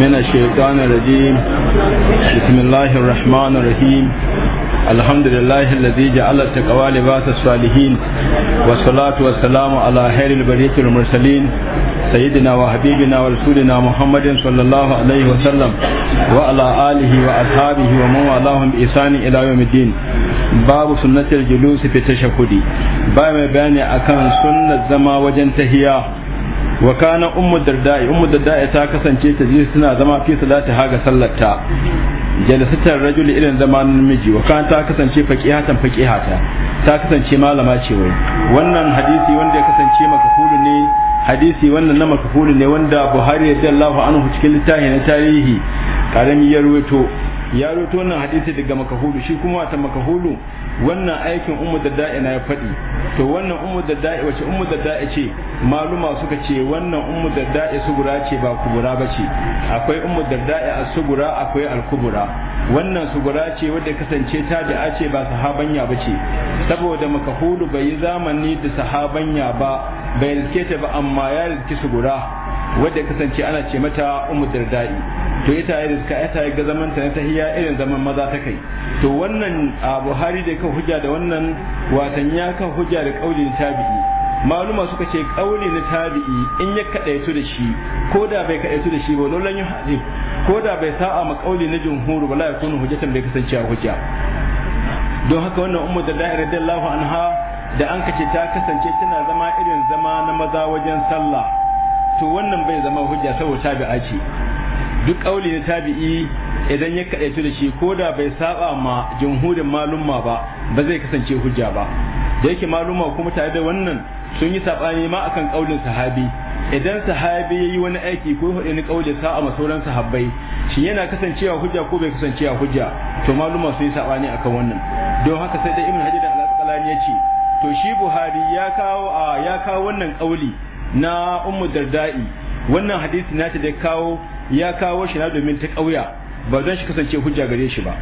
من الشيطان الرجيم بسم الله الرحمن الرحيم الحمد لله الذي جعل التقوى لباس الصالحين والصلاة والسلام على خير البرية المرسلين سيدنا وحبيبنا ورسولنا محمد صلى الله عليه وسلم وعلى آله وأصحابه ومن والاهم بإحسان إلى يوم الدين باب سنة الجلوس في التشهد باب بيان أكان سنة زما وجن تهيا wa kana ummu dardai ummu dardai ta kasance ta ji suna zama fi salati haga sallarta jalisatar rajuli irin zamanin miji wa kana ta kasance faqihatan faqihata ta kasance malama ce wai wannan hadisi wanda ya kasance makafulu ne hadisi wannan na makafulu ne wanda Buhari radiyallahu anhu cikin littafin tarihi karami ya ruwaito ya roto wannan hadisi daga makahulu shi kuma wata makahulu wannan aikin ummu dadda'i na ya faɗi to wannan ummu da'i wace ummu da'i ce maluma suka ce wannan ummu da'i sugura ce ba kubura ba ce akwai ummu da'i a sugura akwai alkubura wannan sugura ce wadda kasance ta da ce ba sahabanya ba ce saboda makahulu bai yi zamani da sahabanya ba bai riske ta ba amma ya riske sugura wadda kasance ana ce mata ummu da'i to ita ya riska ita ga zaman ta ta hiya irin zaman maza ta kai to wannan a Buhari da ka hujja da wannan watan ya ka hujja da kaulin tabi'i maluma suka ce kauli na tabi'i in ya kadaitu da shi ko da bai kadaitu da shi ba lolan yu hadi ko da bai sa'a ma kauli na jumhur ba la yakunu hujjatan bai kasance hujja don haka wannan ummu da da'ira radiyallahu anha da an kace ta kasance tana zama irin zama na maza wajen sallah to wannan bai zama hujja saboda tabi'a ce duk kauli na tabi'i idan ya kaɗaitu da shi da bai saba ma jumhurin malumma ba ba zai kasance hujja ba da yake maluma kuma tare da wannan sun yi sabani ma akan kaulin sahabi idan sahabi yayi wani aiki ko hudu ni kaulin sa a masauran sahabbai shi yana kasancewa hujja ko bai kasancewa hujja to maluma sun yi sabani akan wannan don haka sai da ibn hajar al-asqalani ya ce to shi buhari ya kawo ya kawo wannan kauli na ummu dardai wannan hadisi na ta da kawo ya kawo shi na domin ta kauya ba zan shi kasance hujja gare shi ba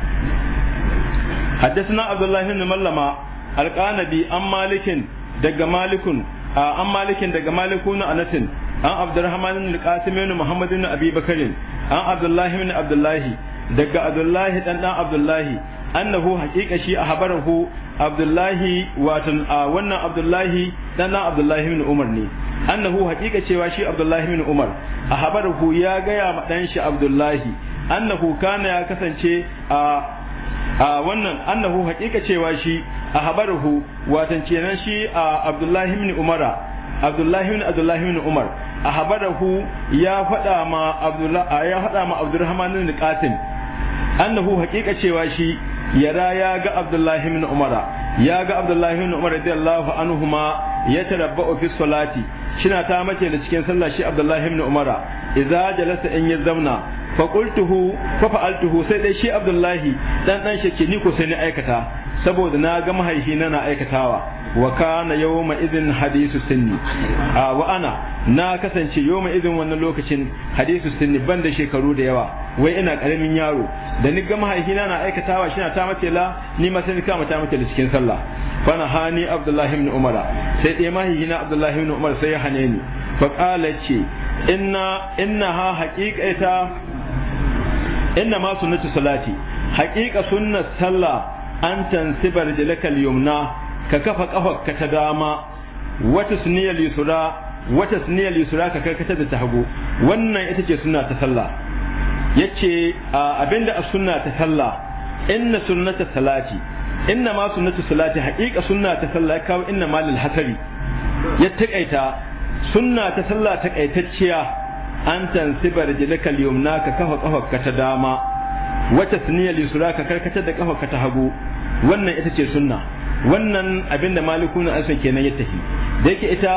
haddasuna abdullahi ibn mallama alqanabi an malikin daga malikun an malikin daga malikun anatin an abdurrahman ibn alqasim ibn muhammad ibn abi an abdullahi ibn abdullahi daga abdullahi dan dan abdullahi annahu haqiqa shi a habarahu abdullahi watan a wannan abdullahi dan abdullahi ibn umar ne annahu haqiqa cewa shi abdullahi ibn umar a habarahu ya gaya ma dan shi abdullahi annahu kana ya kasance a a wannan annahu haƙiƙa cewa shi a habarahu watan kenan shi a abdullahi ibn umara abdullahi ibn abdullahi ibn umar a habarahu ya faɗa ma abdullahi ya faɗa ma abdurrahman ibn qasim annahu haƙiƙa cewa shi yara ya ga abdullahi bin umara ya ga abdullahi bin umar radiyallahu anhuma ya tarabba'u fi salati shina ta mace da cikin sallah shi abdullahi bin umara idza jalasa in ya zauna fa qultuhu fa fa'altuhu sai dai shi abdullahi dan dan shi ni ko sai ni aikata saboda na ga mahaihi na na aikatawa wa kana yawma idin hadisu sunni a wa ana na kasance yawma idin wannan lokacin hadisu sunni ban da shekaru da yawa wai ina karamin yaro da ni ga mahaihi na na aikatawa shi na ta mace la ni ma sai ni kama ta mace da cikin sallah fa na hani abdullahi ibn umar sai dai mahaihi na abdullahi ibn umar sai ya hane ni fa qala ce inna ha haqiqata inna ma sunnatu salati haqiqa sunnat sallah an tansiba rijlaka al-yumna ka kafa kafarka ta dama wata suniyal yusra wata suniyal yusra ka karkata da ta wannan ita ce sunna ta sallah yace abinda a sunna ta sallah inna sunnata salati inna ma sunnatu salati haqiqa sunna ta sallah ka inna ma lil hasari ya takaita sunna ta sallah takaitacciya an tansiba rijlaka al-yumna ka kafa kafarka ta dama wata suniyal yusra ka karkata da kafarka ta hagu wannan ita ce sunna wannan abin da malikun asai kenan ya tafi da yake ita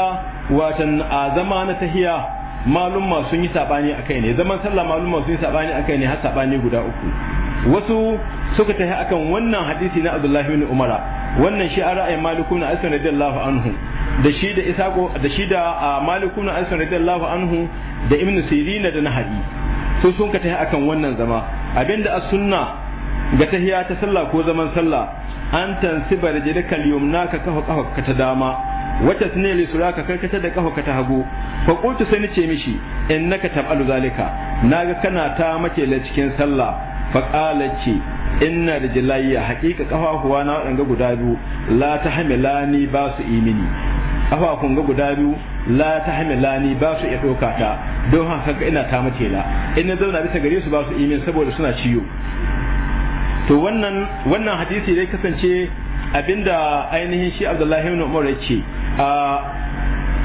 watan a zama na tahiya malumma sun yi sabani akai ne zaman sallah malumma sun yi sabani akai ne har sabani guda uku wasu suka tahi akan wannan hadisi na Abdullahi ibn Umara wannan shi a ra'ayin malikun ibn radiyallahu anhu da shi da Isaqo da shi da malikun ibn radiyallahu anhu da Ibn Sirin da Nahabi su sun ka tahi akan wannan zama abinda as-sunna ga tahiya ta sallah ko zaman sallah an tansi rijlika al-yumna ka kafa kafa ta dama wata sunne li suraka karkata da kafa ka ta hagu fa qultu sai nace mishi innaka tabalu zalika naga kana ta mace la cikin sallah fa qala ce inna rijlayya haqiqa huwa na wadanga guda biyu la tahmilani ba su imini kafafun ga guda biyu la ta hamilani ba su iya ɗauka ta don haka ina ta mace la in zauna bisa gare su ba su imini saboda suna ciyo to wannan wannan hadisi dai kasance abinda ainihin shi Abdullahi ibn Umar yace a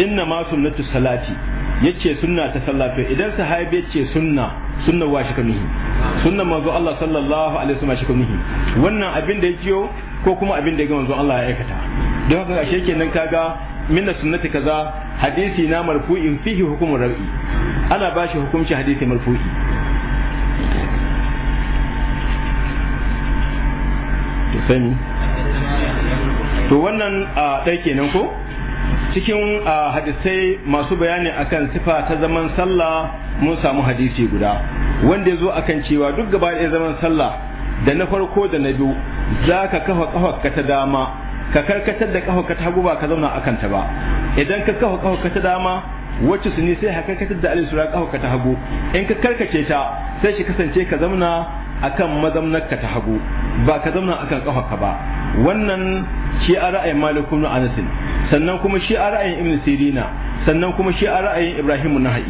inna ma sunnatu salati yace sunna ta sallah idan sahabi yace sunna sunna wa shikamihi sunna manzo Allah sallallahu alaihi wasallam shikamihi wannan abin da yake ko kuma abin da ya manzo Allah ya aikata don haka ashe kenan kaga minna sunnati kaza hadisi na marfu'in fihi hukumu rabi ana bashi hukunci hadisi marfu'i sani to wannan ɗai kenan ko cikin hadisai masu bayani akan sifa ta zaman sallah mun samu hadisi guda wanda ya zo akan cewa duk gaba ɗaya zaman sallah da na farko da na biyu za ka kafa kafarka ta dama ka karkatar da kafarka ta hagu ba ka zauna a kanta ba idan ka kafa kafarka ta dama wacce su ne sai ka karkatar da alisura kafarka ta hagu in ka karkace ta sai shi kasance ka zauna akan mazamnarka ta hagu ba ka zauna akan kafarka ba wannan shi a ra'ayin malikun Anasin Anas sannan kuma shi a ra'ayin Ibn Sirina sannan kuma shi a ra'ayin Ibrahim Nahai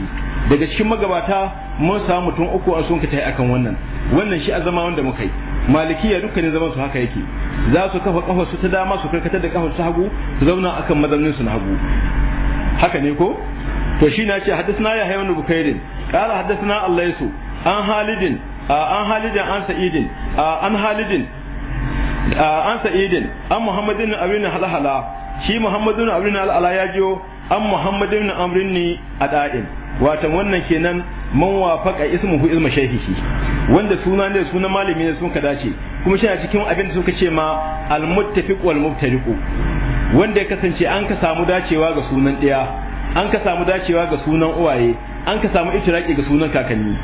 daga cikin magabata mun samu mutum uku a sun kai akan wannan wannan shi a zama wanda muka yi malikiya dukkanin zaman su haka yake za su kafa kafar su ta dama su karkatar da kafar su hagu su zauna akan mazaunin su na hagu haka ne ko to shi na ce na ya hayyan bukairin qala allah allaisu an halidin an halidin an sa'idin an halidin an sa'idin an muhammadin abin halhala shi muhammadin abin halhala ya jiyo an muhammadin amrin ni a da'in wato wannan kenan man wafaka ismuhu ilma shahihi wanda suna ne suna malami ne sun ka dace kuma shi cikin abin da suka ce ma al-muttafiq wal mubtadiqu wanda ya kasance an ka samu dacewa ga sunan ɗaya an ka samu dacewa ga sunan uwaye an ka samu itiraki ga sunan kakanni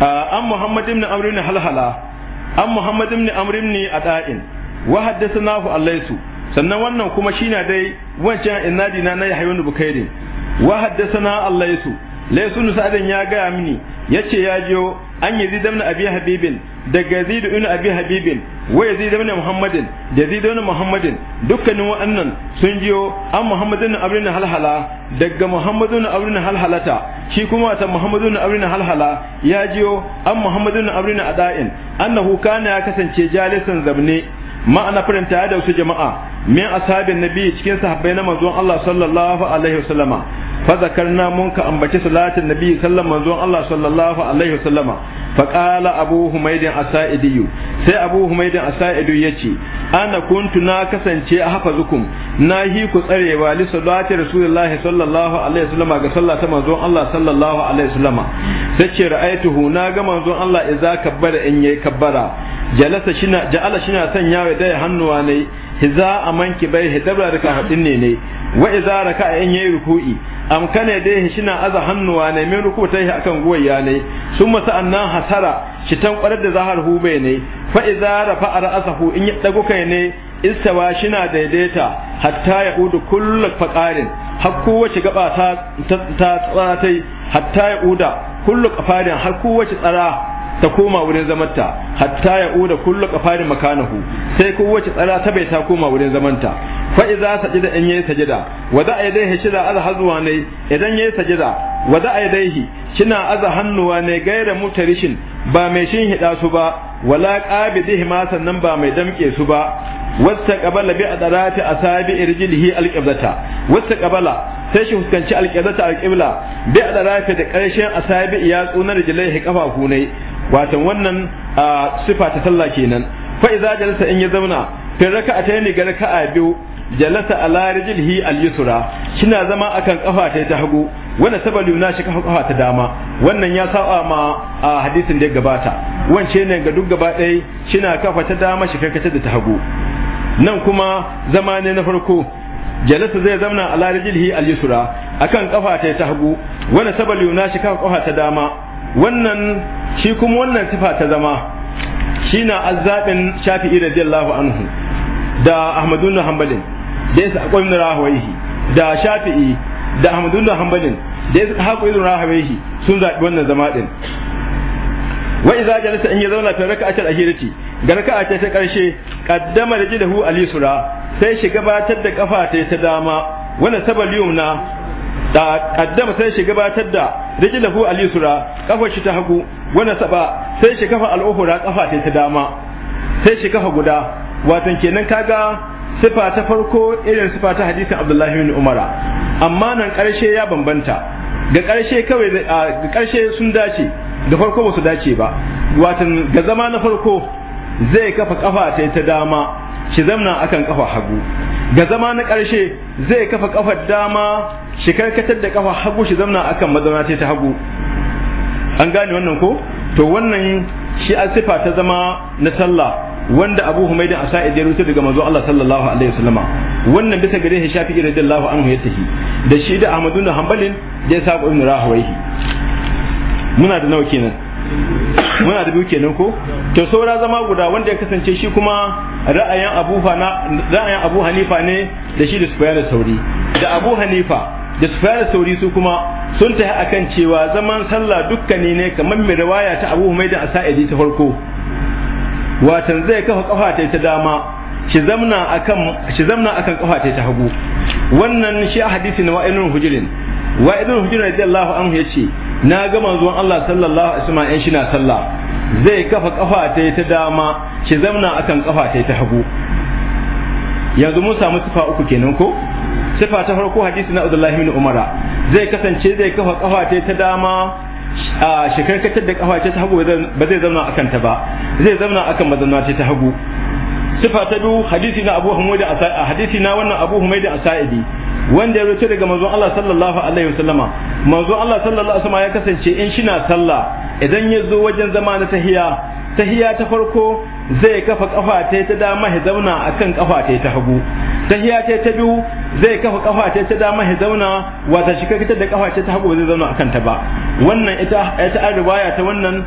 an muhammad ibn amr ibn halhala an muhammad ibn amr ibn ada'in wa haddathnahu allaisu sannan wannan kuma shine dai wancan innadi na na yahyun bukairi wa haddathana allaisu laisu sa'adin ya gaya mini yace ya jiyo an yi zidan abi habibin Daga zidu ibn Abi Habibin wa Yazid ibn Muhammadin da zidu ibn Muhammadin dukkanin waɗannan sun jiyo an muhammadin ibn Halhala daga muhammadin ibn Halhalata shi kuma ta muhammadin ibn Halhala ya jiyo an muhammadin ibn Ada'in annahu kana ya kasance jalisan zabne ma'ana faranta da wasu jama'a min ashabin nabi cikin sahabbai na manzon Allah sallallahu alaihi wasallama fa na mun ka ambaci salatin nabi sallan manzon Allah sallallahu alaihi wasallama fa qala abu humaydin asaidiyu sai abu humaydin asaidiyu yace ana kuntu na kasance a hafazukum na hi ku tsarewa li salati rasulullahi sallallahu alaihi wasallama ga sallah ta manzon Allah sallallahu alaihi wasallama sai ce ra'aituhu na ga manzon Allah idza kabbara in yayi kabbara jalasa shina ja'ala shina sanyawa da hannuwa ne hiza a manki bai hidabra da ka hadin ne ne wa iza raka in yayi ruku'i am kana dai shina aza hannuwa ne min ruku tai akan ya ne summa sa'annan hasara shitan kwarar da zahar hube ne fa iza rafa in ya dago kai ne istawa shina daidaita hatta ya udu kullu faqarin har kowace gaba ta ta tsara tai hatta ya uda kullu qafarin har kowace tsara ta koma wurin zamanta hatta ya uda kullu kafarin makanahu sai kowace tsara ta bai ta koma wurin zamanta fa idza sajida in yayi sajida wa da yadayhi shida azhazuwa ne idan yayi sajida wa da yadayhi kina aza hannuwa ne gaira mutarishin ba mai shin hida su ba wala qabidihi ma sannan ba mai damke su ba wasta qabala bi adarati asabi irjilihi alqiblata wasta qabala sai shi fuskanci alqiblata alqibla bi adarati da karshen asabi ya tsunar jilaihi kafafu ne watan wannan sifa ta sallah kenan fa idza jalasa in ya zauna fi raka'atayn ga raka'a biyu jalasa ala rijlihi al-yusra kina zama akan kafa ta ta hagu wanda sabalu na shi kafa ta dama wannan ya saba ma a hadisin da ya gabata wance ne ga duk gaba ɗaya kina kafa ta dama shi karkata da ta hagu nan kuma zama ne na farko jalasa zai zauna ala rijlihi al-yusra akan kafa ta ta hagu wanda sabalu na shi kafa ta dama wannan shi kuma wannan sifa ta zama shi na azzaɓin shafi'i radiyallahu anhu da ahmadun hambalin da ya saƙo yin rahawaihi da shafi'i da ahmadun hambalin da ya saƙo yin rahawaihi sun zaɓi wannan zama ɗin wa idza jalasa in ya zauna fi raka'a raka'atul akhirati ga raka'a ta karshe qaddama rijlahu alisura sai shi gabatar da kafa ta ta dama wala sabal yumna da kaddama sai shi gabatar da rijlahu al-yusra kafar shi ta hagu wani saba sai shi kafa al-ukhra kafa ta ta dama sai shi kafa guda watan kenan kaga sifa ta farko irin sifa ta hadisin Abdullahi bin Umara amma nan karshe ya bambanta ga karshe kawai ga karshe sun dace da farko ba su dace ba watan ga zama na farko zai kafa kafa ta ta dama shi zamna akan kafa hagu ga zama na ƙarshe zai kafa kafar dama shi karkatar da kafa hagu shi zamna akan mazauna ta hagu an gane wannan ko to wannan shi a sifa ta zama na sallah wanda Abu Humaydin asa ya rubuta daga manzo Allah sallallahu alaihi wasallama wannan bisa gare shi Shafi'i radiyallahu anhu ya tafi da shi da Ahmadu da Hanbalin da ya saba Ibn Rahawayhi muna da nawa kenan muna da biyu kenan ko to saura zama guda wanda ya kasance shi kuma ra'ayin abu fana ra'ayin abu hanifa ne da shi da sufyan sauri da abu hanifa da sufyan sauri su kuma sun tafi akan cewa zaman sallah dukkani ne kamar mai riwaya ta abu humaida asa'idi ta farko watan zai kafa kafa ta ta dama shi zamna akan shi zamna akan kafa ta ta hagu wannan shi hadisi na wa'idun hujirin wa'idun hujirin radiyallahu anhu yace na ga manzon Allah sallallahu alaihi wasallam shi na sallah zai kafa kafa ta ta dama shi zamna akan kafa ta ta hagu yanzu mun samu sifa uku kenan ko sifa ta farko hadisi na Abdullahi bin Umar zai kasance zai kafa kafa ta ta dama a shi karkatar da kafa ta hagu ba zai zamna akan ta ba zai zamna akan mazanna ta hagu sifa ta biyu hadisi na Abu Humayd a hadisi na wannan Abu Humayd a Sa'idi wanda ya roce daga manzon Allah sallallahu alaihi wasallama manzon Allah sallallahu alaihi wasallama ya kasance in shi na sallah idan ya zo wajen zama na tahiya tahiya ta farko zai kafa kafa ta ta dama ya zauna akan kafa ta ta hagu tahiya ta ta biyu zai kafa kafa ta ta dama ya zauna wata shi fitar da kafa ta ta hagu zai zauna akan ta ba wannan ita ita an riwaya ta wannan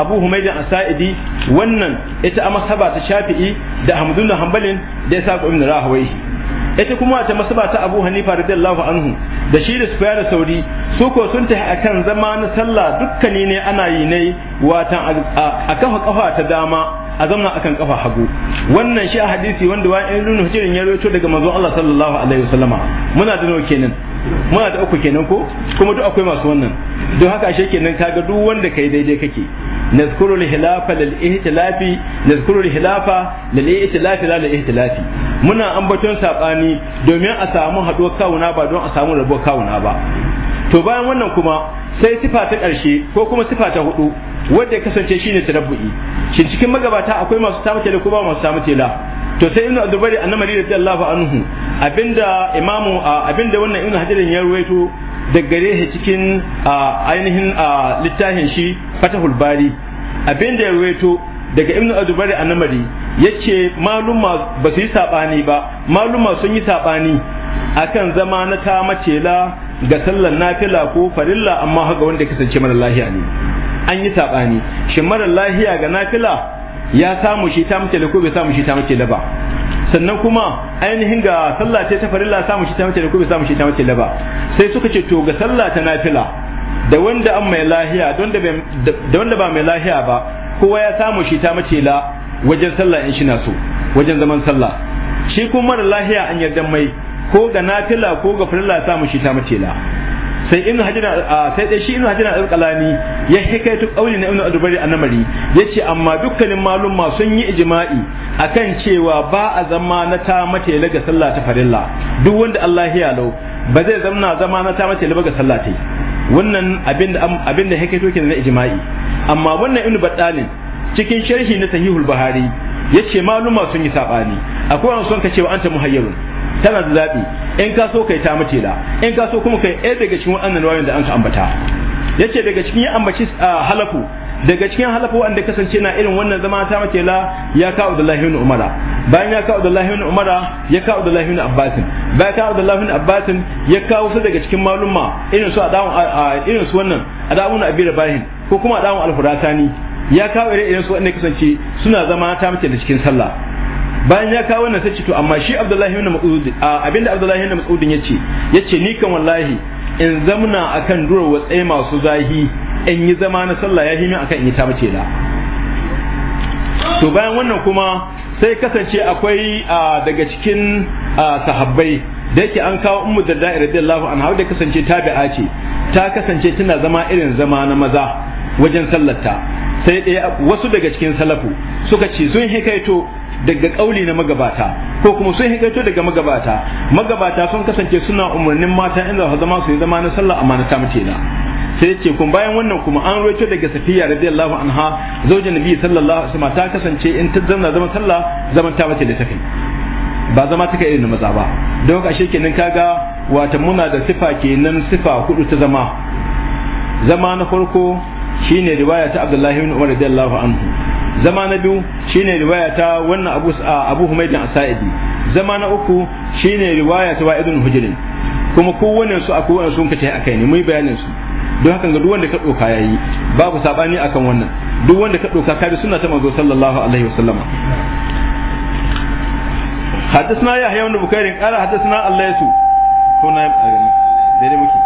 Abu al Sa'idi wannan ita a ta Shafi'i da Ahmadu Hanbalin da Isa ibn Rahawayhi ita kuma ta masaba ta Abu Hanifa radiyallahu anhu da shi da Sufyan Sauri su ko sun tafi akan zama na sallah dukkani ne ana yi ne wata a kafa kafa ta dama a zamna akan kafa hagu wannan shi a hadisi wanda wa in nuna hijirin ya rawaito daga manzo Allah sallallahu alaihi wasallama muna da nawa kenan muna da uku kenan ko kuma duk akwai masu wannan don haka ashe kenan kaga duk wanda kai daidai kake nazkuru al-hilafa lil ihtilafi nazkuru al-hilafa lil ihtilafi la lil ihtilafi muna ambaton sabani domin a samu haɗuwar kawuna ba don a samu rabuwar kawuna ba to bayan wannan kuma sai sifa ta ƙarshe ko kuma sifa ta hudu wanda ya kasance shine tarabbu'i shin cikin magabata akwai masu samu tela ko ba masu samu tela to sai ibnu abdulbari annabi radiyallahu anhu abinda imamu abinda wannan ibnu hadirin ya ruwaito daga gare shi cikin ainihin littafin shi fatahul bari abinda ya ruwaito daga ibnu adubari a namari ce maluma ba su yi saɓani ba maluma sun yi a akan zama na ta macela ga sallar nafila ko farilla amma haka wanda kasance mara lahiya ne an yi saɓani shi mara lahiya ga nafila ya samu shi ta macela ko bai samu shi ta macela ba sannan kuma ainihin ga sallah ce ta farilla samu shi ta macela ko bai samu shi ta macela ba sai suka ce to ga sallah ta nafila da wanda an mai lahiya da wanda ba mai lahiya ba kowa ya samu shi ta mace la wajen sallah in shi na so wajen zaman sallah shi kuma mara lahiya an yarda mai ko ga nafila ko ga farilla ya samu shi ta mace la sai in hajjina sai dai shi in hajjina alqalani ya hikaitu qauli na ibnu adubari annamari yace amma dukkanin ma sun yi ijma'i akan cewa ba a zama na ta mace la ga sallah ta farilla duk wanda Allah ya lau ba zai na zama na ta mace la ga sallah ta wannan abin da hakaito ke na ijma'i amma wannan ibnu battalin cikin sharhi na sahihul buhari yace maluma sun yi sabani akwai wani son ka cewa anta muhayyirun tana da zabi in ka so kai ta da in ka so kuma kai ɗaya eh, daga cikin wannan wayoyin da an ka ambata yace daga cikin ambaci ah, halaku daga cikin halafa wanda kasance na irin wannan zama ta la ya ka Abdullahi ibn Umara bayan ya ka Abdullahi ibn Umara ya ka Abdullahi ibn Abbas bayan ka Abdullahi ibn Abbas ya kawo su daga cikin malumma irin su adamu irin su wannan adamu na Abi Rabahin ko kuma adamu al-Furatani ya kawo irin irin su wanda kasance suna zama ta da cikin sallah bayan ya kawo wannan sai to amma shi Abdullahi ibn Mas'ud abinda Abdullahi ibn Mas'ud yace yace ni kan wallahi in zamna akan durar watsai masu zahi in yi zama na sallah ya himin akan in yi ta mace da to bayan wannan kuma sai kasance akwai daga cikin sahabbai da yake an kawo ummu da da'ira an anha da kasance tabi'a ce ta kasance tana zama irin zama na maza wajen sallarta sai ɗaya wasu daga cikin salafu suka ce sun hikaito daga kauli na magabata ko kuma sun hikaito daga magabata magabata sun kasance suna umarnin mata inda zama su yi zama na sallah amma na ta mace na sai ce kun bayan wannan kuma an ruwaito daga safiya radiyallahu anha zaujin nabi sallallahu alaihi wasallam ta kasance in ta zanna zaman sallah zaman ta bace da tafi ba zama take irin maza ba don haka shi kenan kaga wata muna da sifa kenan sifa hudu ta zama zama na farko shine riwaya ta Abdullahi ibn Umar radiyallahu anhu zama na biyu shine riwaya ta wannan Abu Abu Humayd al-Sa'idi zama na uku shine riwaya ta Wa'idun Hujrin kuma kowanne su akwai wani sun kace akai ne mu bayanin su don haka ga duk wanda ka doka yayi babu sabani akan wannan duk wanda ka doka ka sunna ta manzo sallallahu alaihi wasallam حدثنا يحيى بن بكير قال حدثنا الله يسوع muke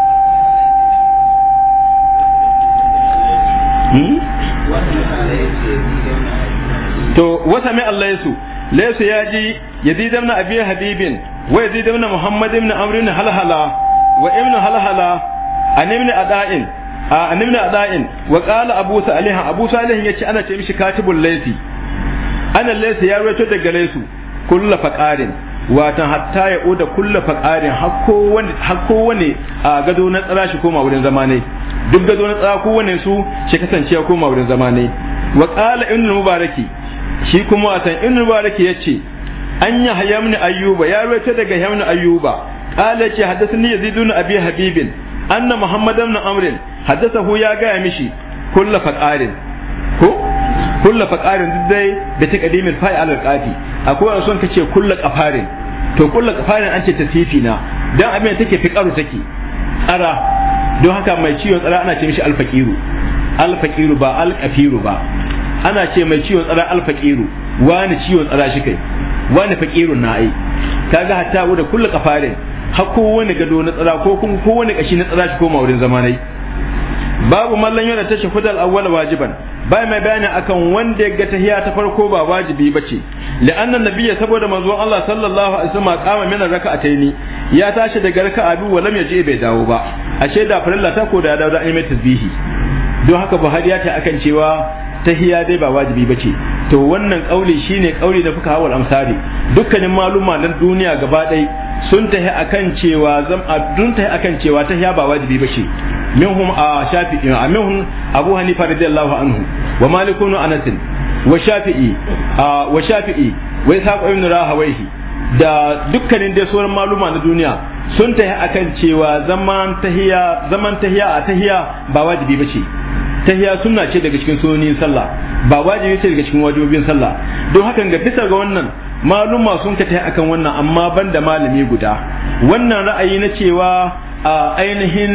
hmm? to mai Allah yasu laisu ya ji yazid ibn habibin wa yazid wa ibn halhala annabi ada'in annabi ada'in wa qala abu salih abu salih yace ana ce mishi katibul laysi ana laysi ya rawaito daga laysu kullu faqarin watan hatta ya oda kullu faqarin hakko wani hakko wani a gado na tsara shi koma wurin zamanai duk gado na tsara ko wani su shi kasance ya koma wurin zamanai wa qala ibn mubaraki shi kuma watan ibn mubaraki yace an ya hayamni ayyuba ya rawaito daga hayamni ayyuba qala ce hadathani yazid ibn abi habibin anna muhammad ibn amrin hu ya gaya mishi kullu faqarin ko kullu faqarin duk dai da taqdimin fa'i al qati akwai son kace kullu qafarin to kullu qafarin an ce tasifi na dan abin da take fiqaru take tsara don haka mai ciwon tsara ana ce mishi alfaqiru alfaqiru ba alqafiru ba ana ce mai ciwon tsara alfaqiru wani ciwon tsara shi kai wani faqirun na ai kaga hatta da kullu qafarin har kowane gado na tsada ko kuma kowane kashi na tsada shi koma wurin zamanai babu mallan yana tashi fudal awwal wajiban bai mai bayani akan wanda ya ga tahiya ta farko ba wajibi bace la'annan nabiyya saboda manzon Allah sallallahu alaihi wasallam kama min raka'ataini ya tashi daga raka'a biyu ya yaje bai dawo ba ashe da farilla ta ko da ya dawo da ayi mai tasbihi don haka Buhari ya ta akan cewa tahiya dai ba wajibi ba ce to wannan kauli shine kauli da fuka hawal amsari dukkanin maluma na duniya gaba ɗai sun tahi akan cewa zam dun tahi akan cewa tahiya ba wajibi ba ce minhum a shafi'i a minhum abu hanifa radiyallahu anhu wa malikun anas wa shafi'i wa shafi'i wa ishaq ibn rahawayhi da dukkanin dai sauran maluma na duniya sun tahi akan cewa zaman tahiya zaman tahiya a tahiya ba wajibi ba ce tahiya sunna ce daga cikin sunonin sallah ba wajibi ce daga cikin wajibin sallah don hakan ga bisa ga wannan maluma sun ka tai akan wannan amma ban da malami guda wannan ra'ayi na cewa ainihin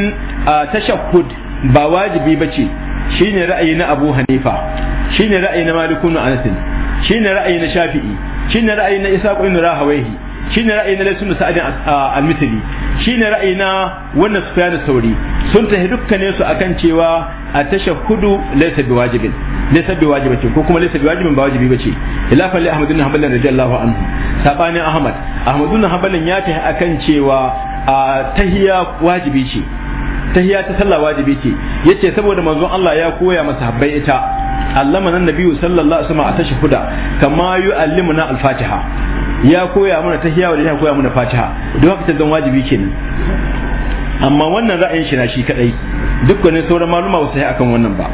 tashahhud ba wajibi bace shine ra'ayi na Abu Hanifa shine ra'ayi na Malik Anas shine ra'ayi na Shafi'i shine ra'ayi na Isa ibn Rahawayhi shine ra'ayi na Laysun Sa'id al-Misri Shi ra'ina ra'ayi na wannan da sauri sun tahi ne su akan cewa a hudu wajibin laisa bi wajibin ce ko kuma bi wajibin ba wajibi bace ilafan li ahmad ibn hanbal radiyallahu anhu sabani ahmad ahmad ibn hanbal ya tahi akan cewa a tahiya wajibi ce tahiya ta sallah wajibi ce yace saboda manzon Allah ya koya masa habbai ita allama nan nabiyyu sallallahu alaihi wasallam a tashahuda kama yu'allimuna al-fatiha ya koya mana ta hiyawa da ya koya mana fatiha don haka ta wajibi kenan amma wannan ra'ayin shi na shi kadai dukkanin sauran maluma ba su yi akan wannan ba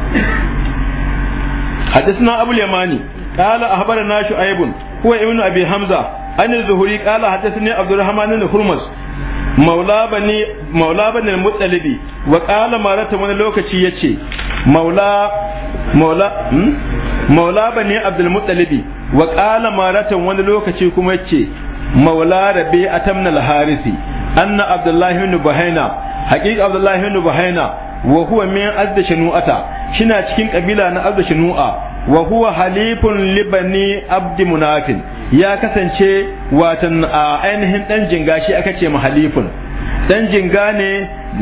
hadisna abu yamani qala ahbarana shu'aibun huwa ibnu abi hamza an az-zuhri qala hadathani abdurrahman al hurmas. maula bani maula bani wa qala marata wani lokaci yace ce maula hmm? ba ne abdul Mutsalibi wa qala marata wani lokaci kuma yace maula rabi a tamnal harisi anna abdullahi ibn buhaina haqiqa abdullahi ibn buhaina wa huwa min azda shanu'ata shina cikin kabila na azda shanu'a wa huwa halifun libani abdi munafin ya kasance watan a ainihin dan jinga shi aka ce mahalifun dan jinga ne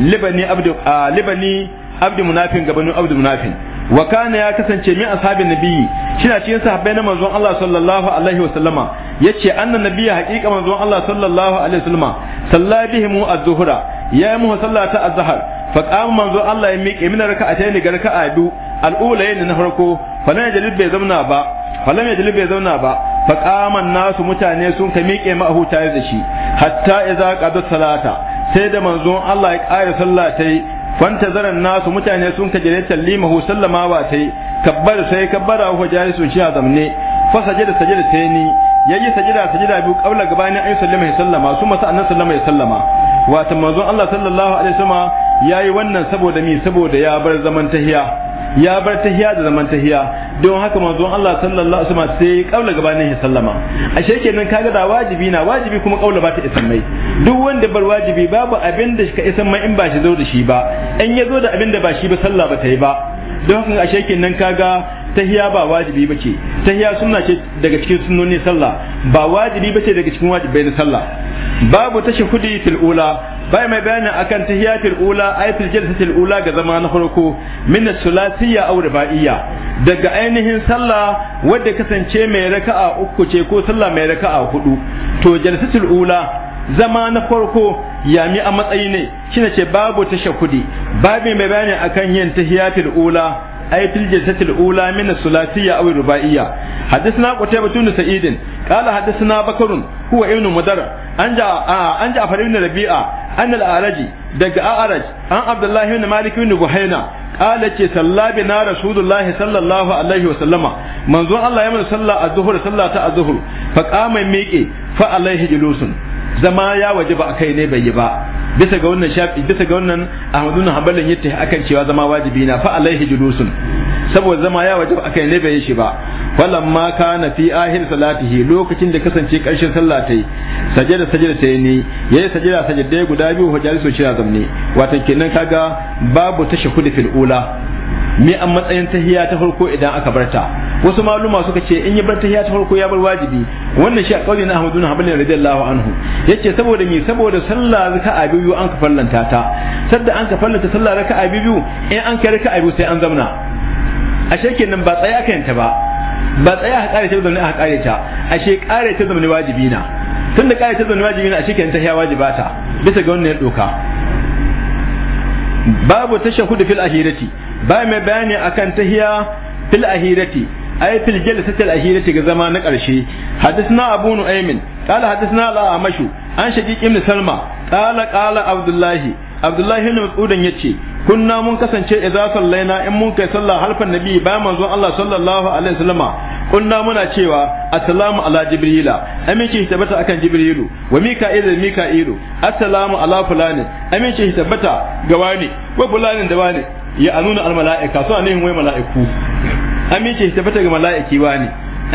libani abdu libani abdu munafin gabanin abdu munafin wa kana ya kasance min ashabin nabiyyi shina cikin sahabbai na manzon Allah sallallahu alaihi wa sallama yace annan nabiyya haqiqa manzon Allah sallallahu alaihi wa sallama salla bihim az-zuhra ya mu sallata az-zuhr fa qama manzon Allah ya miƙe min raka'atayn ga raka'a biyu al-ula na farko fa na jalib bai zauna ba fa lam jalib bai zauna ba Faƙaman nasu mutane sun ka miƙe ma'ahu tare da shi hatta idza qada salata sai da manzon Allah ya ƙara sallah tai zaren nasu mutane sun ka jira tallimahu sallama ba tai kabbar sai kabbara wa jalisun shi a zamne fa sajada ta sai ni ya yayi sajada sajada biyu qabla gabanin ayyukan sallama ya sallama su masa annabi sallama ya sallama wato manzon Allah sallallahu alaihi wasallam Ya yi wannan saboda mi saboda ya bar zaman tahiya ya bar tahiya da zaman tahiya don haka manzo Allah sallallahu alaihi wasallam sai kaula gabanin ya sallama ashe kenan kaga da wajibi na wajibi kuma kaula ba ta isan mai duk wanda bar wajibi babu abin da ka isan mai in ba shi zo da shi ba in ya zo da abin da ba shi ba sallah ba ta yi ba don haka ashe kenan kaga tahiya ba wajibi bace tahiya sunna ce daga cikin sunnoni sallah ba wajibi bace daga cikin wajibai na sallah babu tashahudi fil ula bai mai bayanin akan tahiyatul ula ayatul jalsatul ula ga zama na farko min sulasiyya aw ruba'iyya daga ainihin sallah wadda kasance mai raka'a uku ce ko sallah mai raka'a hudu to jalsatul ula zama na farko ya mi a matsayi ne shine ce babu tashahudi babu mai bayani akan yin tahiyatul ula أي في الجلسة الأولى من الثلاثية أو الرباعية حدثنا قتيبة بن سعيد قال حدثنا بكر هو ابن مدر أن آه جعفر بن ربيعة أن الأعرج دق أعرج أن عبد الله بن مالك بن بحينا قال ce salla bina rasulullahi sallallahu alaihi wasallama manzon Allah ya mana sallah a zuhur sallah ta azhur fa qama miqe fa alaihi julusun zama ya a kai ne bai yi ba bisa ga wannan shafi bisa ga wannan Ahmadu bin Hanbal yace akan cewa zama wajibi na fa alaihi julusun saboda zama ya wajaba akan ne bai shi ba falamma kana fi ahil salatihi lokacin da kasance karshen sallah tai sajada sajada tai ni yayi sajada sajada guda biyu hujjar su shira zamne wato kenan kaga babu tashahudi fil ula me an matsayin tahiyya ta farko idan aka barta wasu maluma suka ce in yi bar tahiyya ta farko ya bar wajibi wannan shi a kauli na Ahmad bin Hanbal radiyallahu anhu yace saboda me saboda sallah raka'a biyu an ka fallanta ta sadda an ka fallanta sallah raka'a biyu in an kai raka'a biyu sai an zamna ashe kenan ba tsaya aka yanta ba ba tsaya ka kare ta zaune a kare ta ashe kare ta zaune wajibi na tunda kare ta zaune wajibi na ashe kenan wajiba wajibata bisa ga wannan ya doka babu tashahudu fil ahirati ba mai bayani akan tahiya fil ahirati أي في الجلسة الأخيرة كزمان قرشي حدثنا أبو نعيم قال حدثنا لا أمشو عن شقيق ابن سلمى قال قال عبد الله عبد الله بن مسعود يتي كنا من كسنce idza sallaina in mun kai sallah halfan nabi ba manzon Allah sallallahu alaihi wasallama kunna muna cewa assalamu ala jibrila aminci tabbata akan jibrilu wa mika'il mika'ilu assalamu ala fulani aminci tabbata ga wani wa fulanin da wani ya anuna al wai mala'iku amince shi tabbata ga mala'iki wani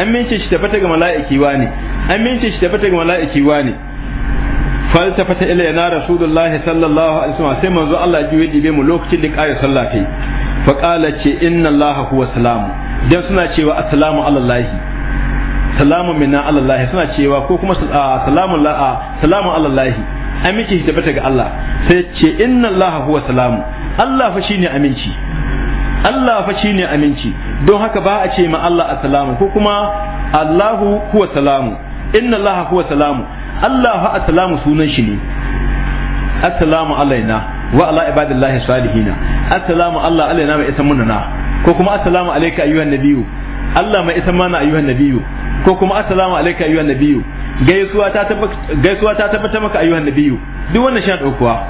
amince shi tabbata ga mala'iki wani amince shi tabbata ga mala'iki wani faltafata ila yana rasulullahi sallallahu alaihi wasallam sai manzo Allah ji wadi be mu lokacin da kayo sallah kai fa qala ce inna allaha huwa salamu dan suna cewa assalamu alallahi salamu minna alallahi suna cewa ko kuma salamu la'a salamu alallahi aminci shi tabbata ga Allah sai ce inna allaha huwa salamu Allah fa shine aminci Allah fa shi ne aminci don haka ba a ce ma Allah assalamu ko kuma Allahu huwa salamu inna Allah huwa salamu Allah fa assalamu sunan shi ne assalamu alaina wa ala ibadillahi salihina assalamu Allah alaina mai isan munana ko kuma assalamu alayka ayyuhan nabiyyu Allah mai isan mana ayyuhan nabiyyu ko kuma assalamu alayka ayyuhan nabiyyu gaisuwa ta tabbata gaisuwa ta tabbata maka ayyuhan nabiyyu duk wannan shan dokuwa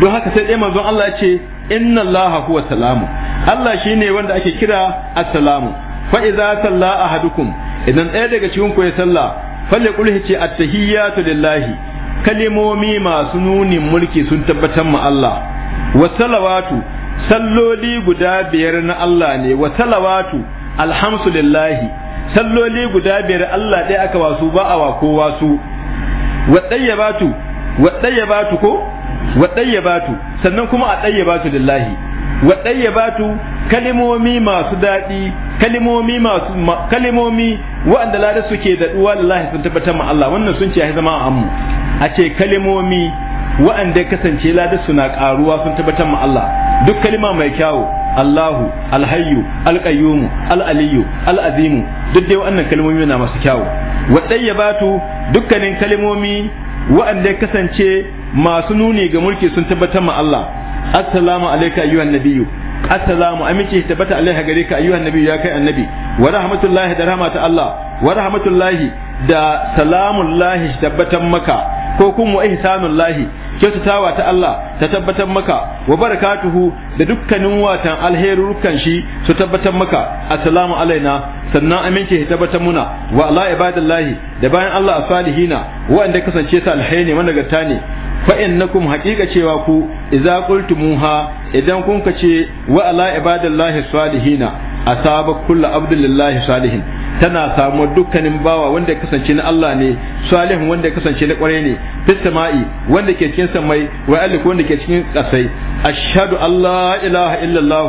don haka sai dai manzon Allah ya ce inna allaha huwa salamu Allah shine wanda ake kira assalamu fa idza salla ahadukum idan ɗaya daga cikin ku ya salla falle kulhi ce attahiyatu lillahi kalimomi masu nunin mulki sun tabbatar ma Allah wa salawatu salloli guda biyar na Allah ne wa salawatu alhamdulillahi salloli guda biyar Allah ɗaya aka wasu ba a wa kowa su wa ɗayyabatu wa ɗayyabatu ko wa dayyabatu sannan kuma a dayyabatu lillahi wa dayyabatu kalimomi masu dadi kalimomi masu kalimomi wa'anda lada suke da duwa lillahi sun tabbatar ma Allah wannan sun ce ya zama a ammu a ce kalimomi wa'anda kasance lada suna karuwa sun tabbatar ma Allah duk kalima mai kyawu Allahu alhayyu alqayyumu alaliyu alazimu duk dai wannan kalmomi na masu kyawu wa dayyabatu dukkanin kalimomi wa'anda kasance masu nuni ga mulki sun tabbatar ma Allah assalamu alayka ayyuhan nabiyyu assalamu aminci tabbata alaiha gare ka ayyuhan nabiyyu ya kai annabi wa rahmatullahi da rahmatu Allah wa rahmatullahi da salamullahi tabbatan maka ko kuma ihsanullahi kyautatawa ta Allah ta tabbatar maka wa barakatuhu da dukkanin watan alherurukan shi su tabbatar maka assalamu alaina sannan aminci ya tabbatar muna wa ala da bayan Allah a salihina, wanda kasance ta alheri ne managarta ne fa innakum haqiqa cewa ku idza qultumuha idan kun ce, wa ala ibadillahi salihina asaba kullu abdillahi salihin tana samu dukkanin bawa wanda ya kasance na Allah ne salihun wanda ya kasance na kwarai ne fis sama'i wanda ke cikin samai wa alik wanda ke cikin kasai ashhadu Allah ilaha illallah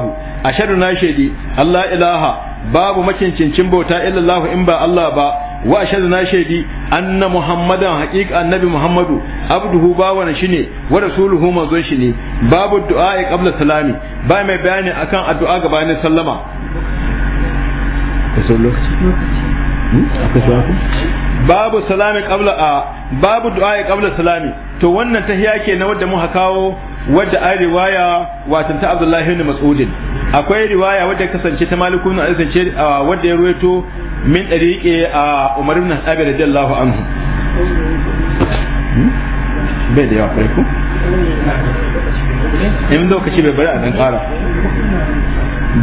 ashhadu na shaidi Allah ilaha babu makincincin bauta illallah in ba Allah ba wa ashhadu na shaidi anna muhammadan haqiqa annabi muhammadu abduhu wani shine wa rasuluhu manzon shi ne babu du'a qabla salami ba mai bayani akan addu'a gabanin sallama Hmm? babu salami qabla a babu du'a kabla salami to wannan hiya ke na wadda muka kawo wadda a riwaya watan ta Abdullahi ibn Mas'udin akwai riwaya wadda kasance ta malikun ibn a wadda ya ruwaito min dariqi a Umar ibn Abi radiyallahu anhu bai da yawa farko in lokaci bai bari a ɗan ƙara.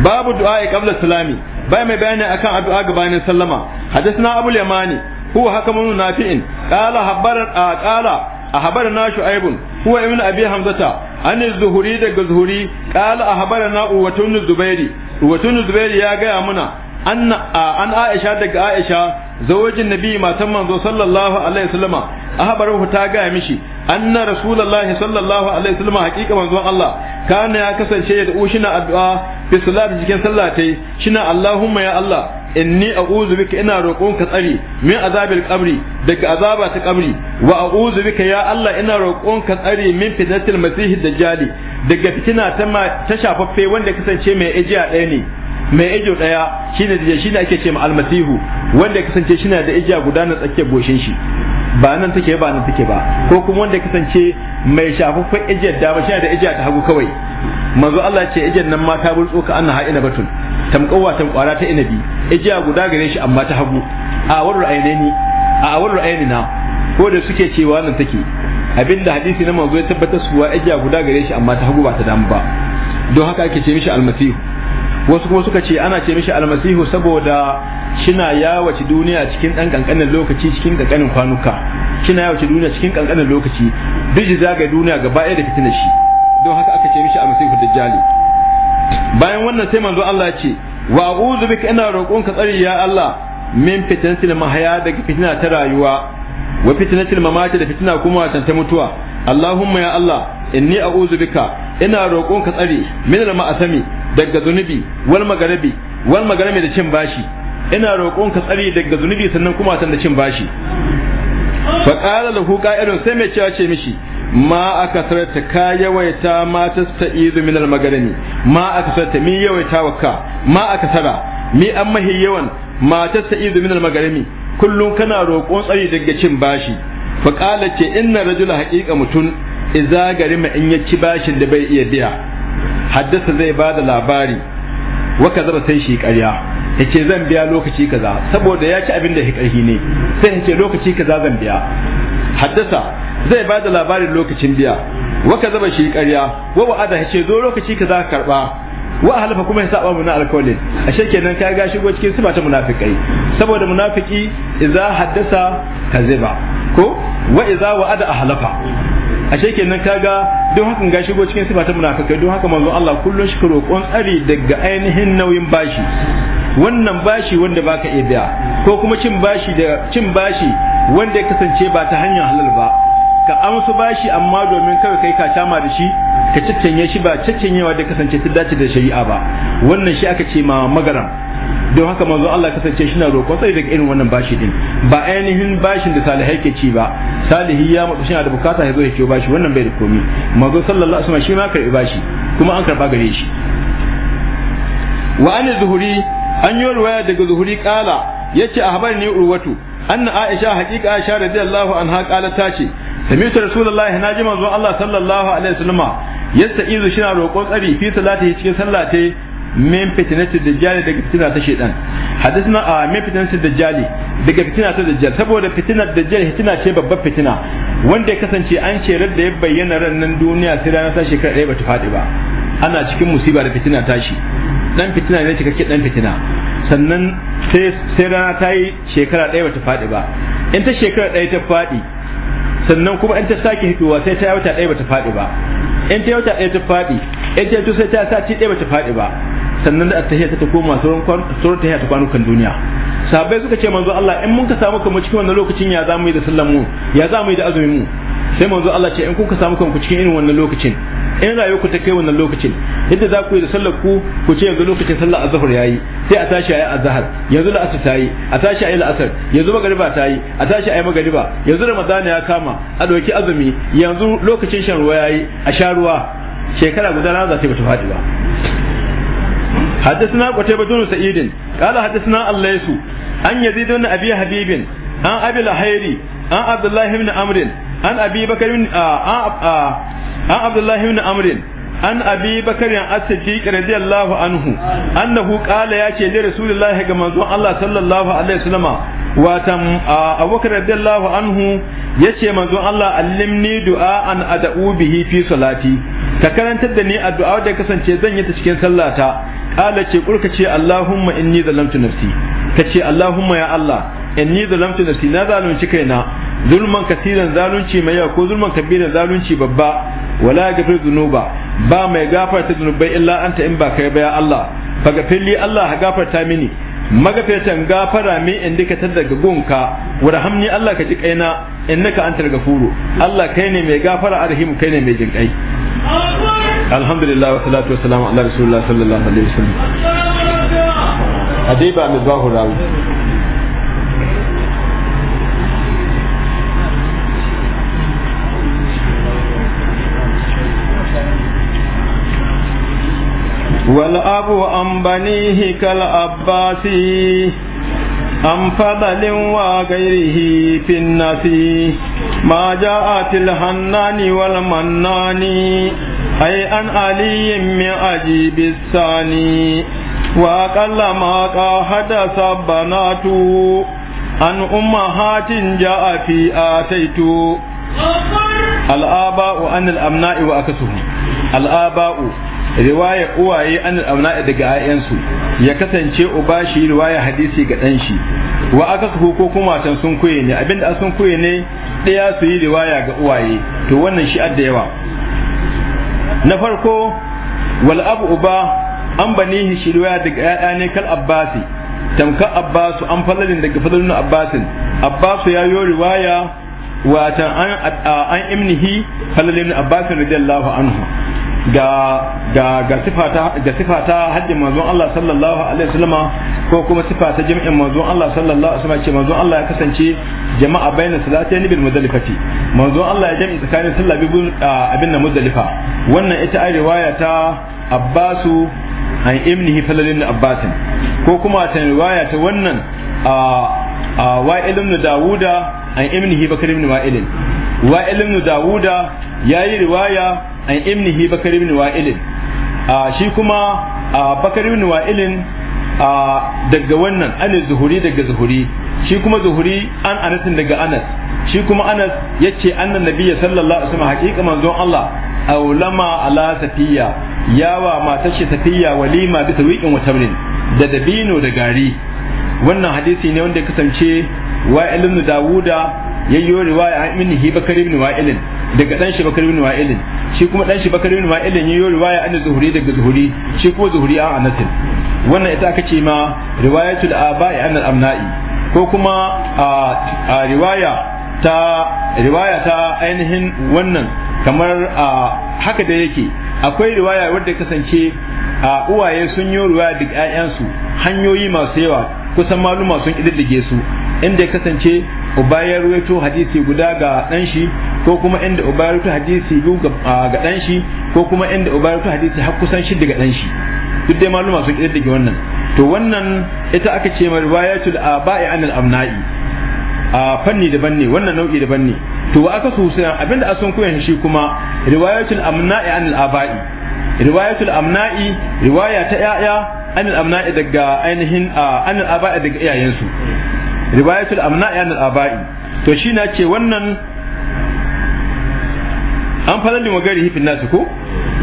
babu du'a ya ƙabla salami bai mai bayani akan addu'a gabanin sallama hadisna abu yamani huwa haka munu nafi'in qala habbar a a habar na shu'aibun huwa ibn abi hamzata an zuhuri daga zuhuri ƙala a habar na uwatun zubairi uwatun zubairi ya ga muna an an Aisha daga Aisha zawajin nabi matan manzo sallallahu alaihi wasallama ahbarahu ta ga mishi anna rasulullahi sallallahu alaihi wasallama hakika manzon Allah kana ya kasance da ushina addu'a fi salat cikin sallatai shina Allahumma ya Allah inni a'udhu bika ina roƙonka tsari min azabil qabri daga azaba ta qabri wa a'udhu bika ya Allah ina roƙonka tsari min fitnatil masih dajjali daga fitina ta shafaffe wanda kasance mai ajiya ɗaya ne mai ijo daya shine da shine ake ce ma almasihu wanda ya kasance shi na da ija guda na tsakiyar goshin shi ba nan take ba nan take ba ko kuma wanda ya kasance mai shafaffen ijiyar dama shi da ijiya ta hagu kawai manzo Allah ce ijiyar nan ma ta burtso ka annaha ina batun tamkawa kwara ta inabi ijiya guda gare shi amma ta hagu a awar ra'ayini a awar ra'ayina ko da suke cewa nan take abinda hadisi na manzo ya tabbatar suwa ijiya guda gare shi amma ta hagu ba ta damu ba don haka ake ce mishi almasihu wasu kuma suka ce ana ce mishi almasihu saboda shina yawace duniya cikin dan kankanin lokaci cikin kankanin kwanuka shina yawace duniya cikin kankanin lokaci duk zaga duniya gaba ɗaya da fitina shi don haka aka ce mishi almasihu dajjali bayan wannan sai manzo Allah ya ce wa a'udhu bika ina roƙonka tsari ya Allah min fitnatil mahaya daga fitina ta rayuwa wa fitnatil mamati da fitina kuma ta mutuwa Allahumma ya Allah inni a'udhu bika ina roƙonka tsari min al ma'asami daga zunubi wal magarabi wal magarabi da cin bashi ina roƙon ka tsare daga zunubi sannan kuma san da cin bashi fa qala lahu qa'ilun sai mai cewa ce mishi ma aka sarata ka yawaita ma tasta'izu min al magarami ma aka sarata mi yawaita wakka ma aka sara mi an mahi yawan ma tasta'izu min al magarami kullun kana roƙon tsare daga cin bashi fa qala ce inna rajula haqiqa mutun idza garima in yaci bashin da bai iya biya haddasa zai ba da labari wa kaza sai shi ƙarya yace zan biya lokaci kaza saboda ya ci abin da ƙarfi ne sai yace lokaci kaza zan biya haddasa zai ba da labarin lokacin biya wa zaba shi ƙarya wa wa'ada ce zo lokaci kaza ka karba wa halafa kuma ya saba mana a ashe kenan ka ga shigo cikin sifa ta munafikai saboda munafiki idza haddasa kaziba ko wa idza wa'ada ahlafa ashe kenan kaga don hakan ga shigo cikin sifa ta munafikai don haka manzo Allah kullun shi roƙon tsari daga ainihin nauyin bashi wannan bashi wanda baka iya biya ko kuma cin bashi da cin bashi wanda ya kasance ba ta hanyar halal ba ka amsu bashi amma domin kawai kai ka tama da shi ka ciccanye shi ba ciccenyewa da kasance ta dace da shari'a ba wannan shi aka ce ma magaram don haka manzo Allah kasance shi na roƙon sai daga irin wannan bashi din ba ainihin bashin da salihai ke ci ba salihi ya mutu shi da bukata ya zo ya ciyo bashi wannan bai da komi manzo sallallahu alaihi wasallam shi ma karbi bashi kuma an karba gare shi wa an zuhuri an yi ruwaya daga zuhuri kala yace ni urwatu anna aisha haqiqa aisha radiyallahu anha kala ta ce sami'tu rasulullahi naji manzo Allah sallallahu alaihi wasallam yasta'izu shi na roƙon tsari fi salati cikin sallate min فتنة الدجال daga fitina ta حدثنا hadisna a min fitnatil dajjal daga fitina ta dajjal saboda fitinar dajjal fitina ce babban fitina wanda ya kasance an ce da ya bayyana rannan duniya sai ranar ta shekara مصيبة bata faɗi ba ana cikin musiba da fitina tashi dan fitina ne cikakke dan fitina sannan sai rana ta yi shekara ɗaya bata faɗi ba in shekara ɗaya ta faɗi sannan kuma in ta sake hitowa sai ta wata ɗaya bata faɗi ba in ta wata ɗaya ta faɗi in ta sai ta sati ɗaya bata faɗi ba sannan da attahiyya ta koma sauran tahiyya ta kwanukan duniya sahabbai suka ce manzo Allah in mun ka samu kamar cikin wannan lokacin ya zamu yi da sallan mu ya zamu yi da azumin mu sai manzo Allah ce in kun ka samu kanku cikin irin wannan lokacin in rayuwar ku ta kai wannan lokacin yadda za ku yi da sallar ku ku ce yanzu lokacin sallar azhar yayi sai a tashi ayi azhar yanzu la'asar ta yi a tashi ayi la'asar yanzu magriba ta yi a tashi ayi magriba yanzu ramadan ya kama a dauki azumi yanzu lokacin shan ruwa yayi a sha ruwa shekara guda na za ta yi bata faɗi ba حدثنا قتيبة بن سعيد قال حدثنا الليث عن يزيد بن أبي حبيب عن أبي الحيري عن عبد الله بن عمرو عن أبي بكر بن عن عبد الله an abi bakarin as-siddiq radiyallahu anhu annahu qala yace li rasulillahi ga manzon Allah sallallahu alaihi wasallama watan abubakar radiyallahu anhu yace manzon Allah allimni du'a an ad'u bihi fi salati ka karantar da ni a addu'a da kasance zan yi ta cikin sallata ala ce kurka ce Allahumma inni zalamtu nafsi ka ce Allahumma ya Allah inni zalamtu nafsi na zalunci kaina zulman kasiran zalunci mai yawa ko zulman kabiran zalunci babba wala gafir zunuba ba mai gafarta zunubai illa anta in ba kai ba ya Allah fa gafirli Allah ha gafarta mini magafetan gafara mi in dika ka daga gunka warhamni Allah ka ji kaina innaka antar gafuru Allah kai ne mai gafara arhimu kai ne mai jinkai alhamdulillah wa salatu wa salamu ala rasulullah sallallahu alaihi wasallam hadiba misbahu rawi والأب عن بنيه كالعباس عن فضل وغيره في الناس ما جاءت الحنان والمنان أي أن علي من أجيب الثاني وأقل ما حدث بناته أن أمهات جاء في آتيته الآباء أن الأمناء وأكسهم الآباء riwaya uwaye an al'amna daga ayyansu ya kasance uba shi riwaya hadisi ga dan shi wa aka su ko kuma tan sun koye ne abinda sun koye ne daya su yi riwaya ga uwaye to wannan shi adda yawa na farko wal abu uba an banihi shirwa daga ƴaƴa ne kal abbasi tamka abbasu an falalin daga falalin abbasin abbasu ya yi riwaya watan an an imnihi falalin abbasin radiyallahu anhu ga ga ga sifata ga sifata haddin manzon Allah sallallahu alaihi wasallam ko kuma sifata jami'in manzon Allah sallallahu alaihi wasallam ce manzon Allah ya kasance jama'a bainas salatayn bil muzdalifati manzon Allah ya jami'i tsakanin sallah biyu abin na muzdalifa wannan ita ai riwaya ta Abbasu an ibnihi falalin Abbasin ko kuma ta riwaya ta wannan a wa ibn Dawuda an ibnihi Bakar ibn Wa'il wa ibn Dawuda yayi riwaya an ibnihi bakar ibn wa'ilin shi kuma bakar ibn wa'ilin daga wannan ana zuhuri daga zuhuri shi kuma zuhuri an anasin daga anas shi kuma anas ya ce annan nabiya sallallahu alaihi wasallam hakika manzon Allah aulama ala safiya yawa matar shi safiya walima bisa wiƙin watamrin da dabino da gari wannan hadisi ne wanda ya kasance wa'ilin da dawuda yayyo riwaya an ibn hibakar ibn wa'ilin daga dan shi bakar ibn wa'ilin shi kuma dan shi bakar ibn ma'il ne yayi riwaya an zuhuri daga zuhuri shi kuma zuhuri an anas wannan ita aka ce ma riwayatul aba'i an al-amna'i ko kuma a riwaya ta riwaya ta ainihin wannan kamar haka da yake akwai riwaya wadda kasance a uwaye sun yi riwaya da ƴaƴansu hanyoyi masu yawa kusan maluma sun kididdige su inda ya kasance ubayar ya hadisi guda ga dan shi ko kuma inda ubayar ya hadisi biyu ga dan shi ko kuma inda ubayar ya hadisi har kusan shi daga dan shi duk dai maluma sun kididdige wannan to wannan ita aka ce ma riwayatul aba'i anil amna'i a fanni daban ne wannan nau'i daban ne to wa aka so abinda asan koyan shi kuma riwayatul amna'i anil aba'i riwayatul amna'i riwaya ta yaya anil amna'i daga ainihin anil aba'i daga iyayensu riwayatul amna ya abai to shi na ce wannan an fadar da magari hifin nasu ko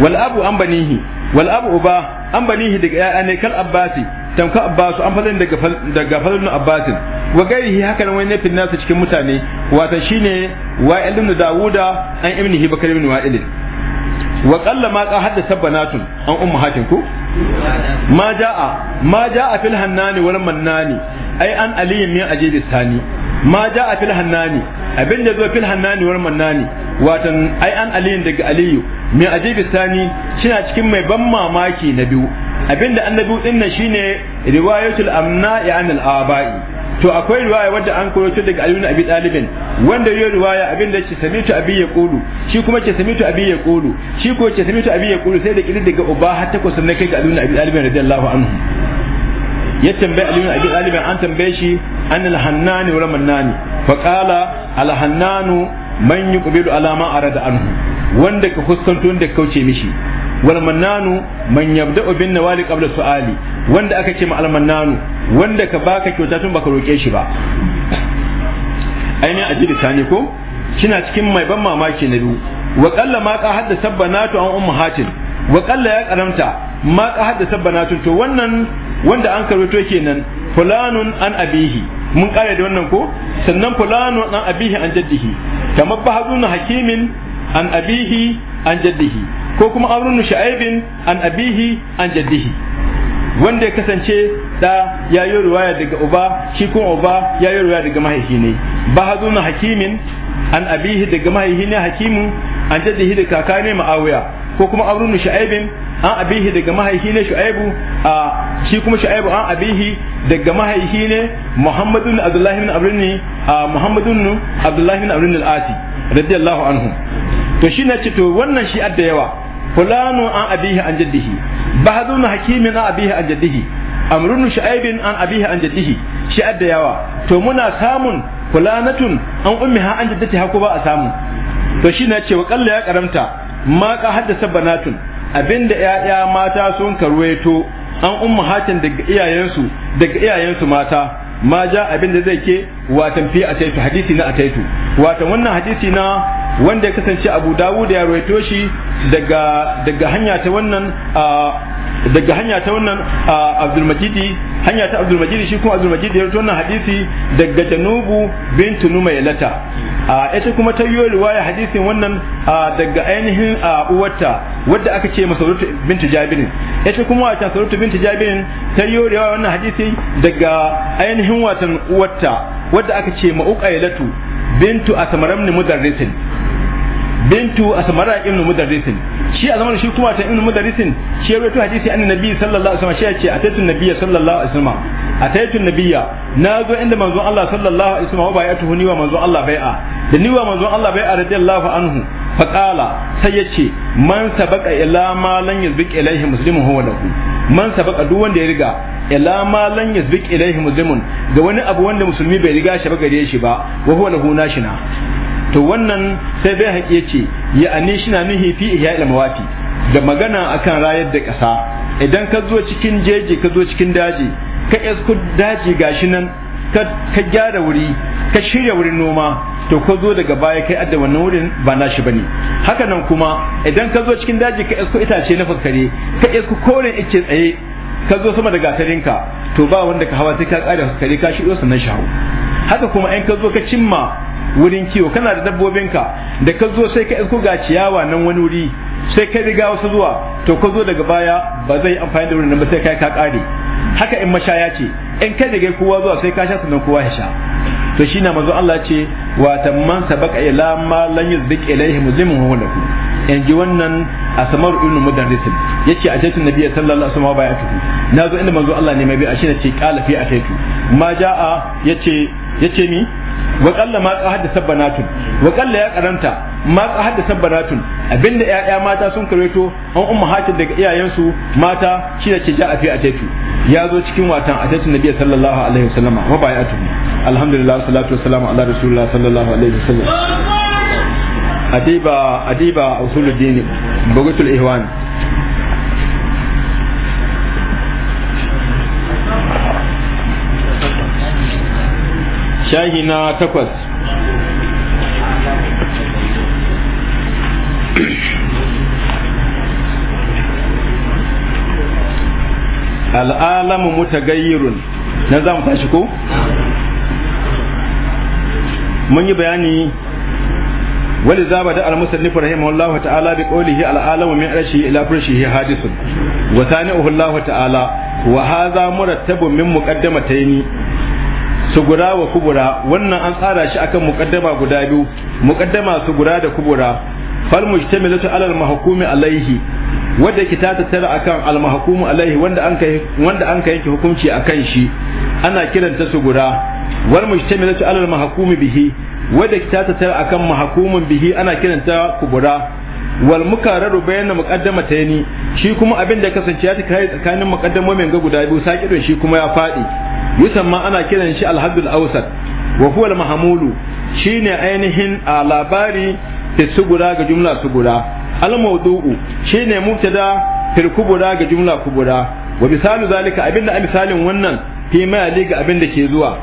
wal abu an banihi wal abu uba an banihi daga ya'ya ne kal abbasi tamka abbasu an fadar daga daga fadlun abbasin wa gairihi haka nan wani fil nasu cikin mutane wato shine wa ibn dawuda an ibn bakar ibn wa'il wa qalla ma ka haddatha banatun an ummahatin ku ma jaa ma jaa fil hannani wal mannani ai an aliyin min ajibi sani ma ja'a fil hannani abin da zo fil hannani war mannani watan ai an aliyin daga aliyu min ajibi sani shina cikin mai ban mamaki na biyu abinda annabi din nan shine riwayatul amna ya anil abai to akwai riwaya wadda an koyo daga Ali Abi Talib wanda yayi riwaya abin da ce samitu abi ya qulu shi kuma ce samitu abi ya qulu shi ko ce samitu abi ya qulu sai da kidi daga uba har takwas sannan kai ga Ali Abi Talib radiyallahu anhu ya tambaye Aliyu Abi Talib an tambaye shi an al-hannani wal mannani fa qala al-hannanu man yuqbilu ala ma arada anhu wanda ka fuskanto wanda ka kauce mishi wal mannanu man yabda'u bin nawali qabla su'ali wanda aka ce ma al mannanu wanda ka baka kyauta tun baka roke shi ba ainihin ajili tani ko kina cikin mai ban mamaki na biyu wa qalla ma ka haddasa banatu an ummahatin wa qalla ya karamta ma ka haddasa banatu to wannan wanda an karwato kenan fulanun an abihi mun kare da wannan ko sannan fulanun an abihi an jaddihi kamar bahadun hakimin an abihi an jaddihi ko kuma amrun sha'ibin an abihi an jaddihi wanda ya kasance da ya yi ruwaya daga uba shi kuma uba ya yi ruwaya daga mahaifi ne bahadun hakimin an abihi daga mahaifi ne hakimu an jaddihi da kaka ne ma'awiya ko kuma amrun sha'ibin an abihi daga mahaihi ne shu'aibu a shi kuma shu'aibu an abihi daga mahaihi ne muhammadu ibn abdullahi ibn abrin a muhammadu ibn abdullahi ibn abrin al-ati radiyallahu anhu to shi ne ce to wannan shi adda yawa fulanu an abihi an jaddihi bahadun hakimin an abihi an jaddihi amrun shu'aibin an abihi an jaddihi shi adda yawa to muna samun fulanatun an ha an jaddatiha ko ba a samu to shi ne ce wa kalla ya karamta ma ka haddasa banatun abinda ‘ya'ya mata sun karweto an umma hatin daga iyayensu daga iyayensu mata ma ja abinda zai ke watan fi a taitu hadisi na a taitu watan wannan hadisi na wanda ya kasance abu dawud ya roito shi daga daga hanya ta wannan daga hanya ta wannan abdul majidi hanya ta abdul majidi shi kuma abdul majidi ya roito wannan hadisi daga janubu bintu numaylata a ita kuma ta yi riwaya hadisin wannan daga ainihin uwarta wadda aka ce masauratu bintu jabirin ita kuma wata sauratu bintu jabirin ta yi riwaya wannan hadisi daga ainihin watan uwarta wadda aka ce latu. bintu asmara ibn mudarrisin bintu shi a shi kuma ta ibn mudarrisin nazo inda manzo Allah da ni wa manzo Allah sai yace man sabaqa ila ma lan duk wanda ya riga ila ma lan yazbik ilaihi ga wani abu wanda musulmi bai riga shi ba gare shi ba wa huwa lahu nashina to wannan sai bai haƙi yace ya ani shina nuhi fi ihya al mawati da magana akan rayar da ƙasa idan ka zo cikin jeji ka zo cikin daji ka esku daji gashi nan ka gyara wuri ka shirya wurin noma to ka zo daga baya kai adda wannan wurin ba nashi bane haka nan kuma idan ka zo cikin daji ka esku itace na fakare ka esku koren ice tsaye ka zo sama da gatarinka to ba wanda ka hawa sai ka kare kare ka shi sannan shi hawo haka kuma in ka zo ka cimma wurin kiwo kana da dabbobinka da ka zo sai ka isko ga ciyawa nan wani wuri sai ka riga wasu zuwa to ka zo daga baya ba zai amfani da wurin nan ba sai kai ka kare haka in mashaya ce in kai daga kowa zuwa sai ka sha sannan kowa ya sha to shi na mazo Allah ce wa tamman sabaka ila ma lan yuzbik ilaihi muzlimun lakum in ji wannan samar ibn mudarris yace a taitu nabiyyi sallallahu alaihi wasallam bai'atuhu nazo inda manzo Allah ne mai a shi ce qala fi a taitu ma jaa yace yace ni wa qalla ma haddasa banatun wa qalla ya karanta ma haddasa banatun abinda ƴaƴa mata sun kareto an umma hatin daga iyayensu mata shine ce jaa fi a ya zo cikin watan a taitu nabiyyi sallallahu alaihi wasallam wa bai'atuhu alhamdulillah salatu wassalamu ala rasulillah sallallahu alaihi wasallam adiba adiba usuluddin bugatul ihwan shahi na takwas al'alamu mutagayyirun na zamu tashi ko mun yi bayani Wani da ولذا بدا المصنف رحمه الله تعالى بقوله العالم من عرشه الى فرشه حادث وثانئه ta'ala wa hadha مرتب min muqaddamataini sugura wa kubura wannan an tsara shi akan muqaddama guda biyu muqaddama sugura da kubura fal mujtamilatu ala al mahkumi alaihi wadda ke ta tattara akan al mahkumu alaihi wanda an kai wanda an kai hukunci akan shi ana kiranta sugura wal mujtamilatu ala al mahkumi bihi wadda ta tattara akan mahkumun bihi ana kiranta kubura wal mukarraru bayan muqaddama tayni shi kuma abin da kasance ya kai tsakanin muqaddamomin ga guda biyu don shi kuma ya fadi Musamman ana kiran shi al-haddul awsat wa huwa al-mahmulu shine ainihin a labari ta sugura ga jumla sugura al-mawdu'u shine mubtada fil kubura ga jumla kubura wa misalu zalika abinda a misalin wannan fi ma ga abin da ke zuwa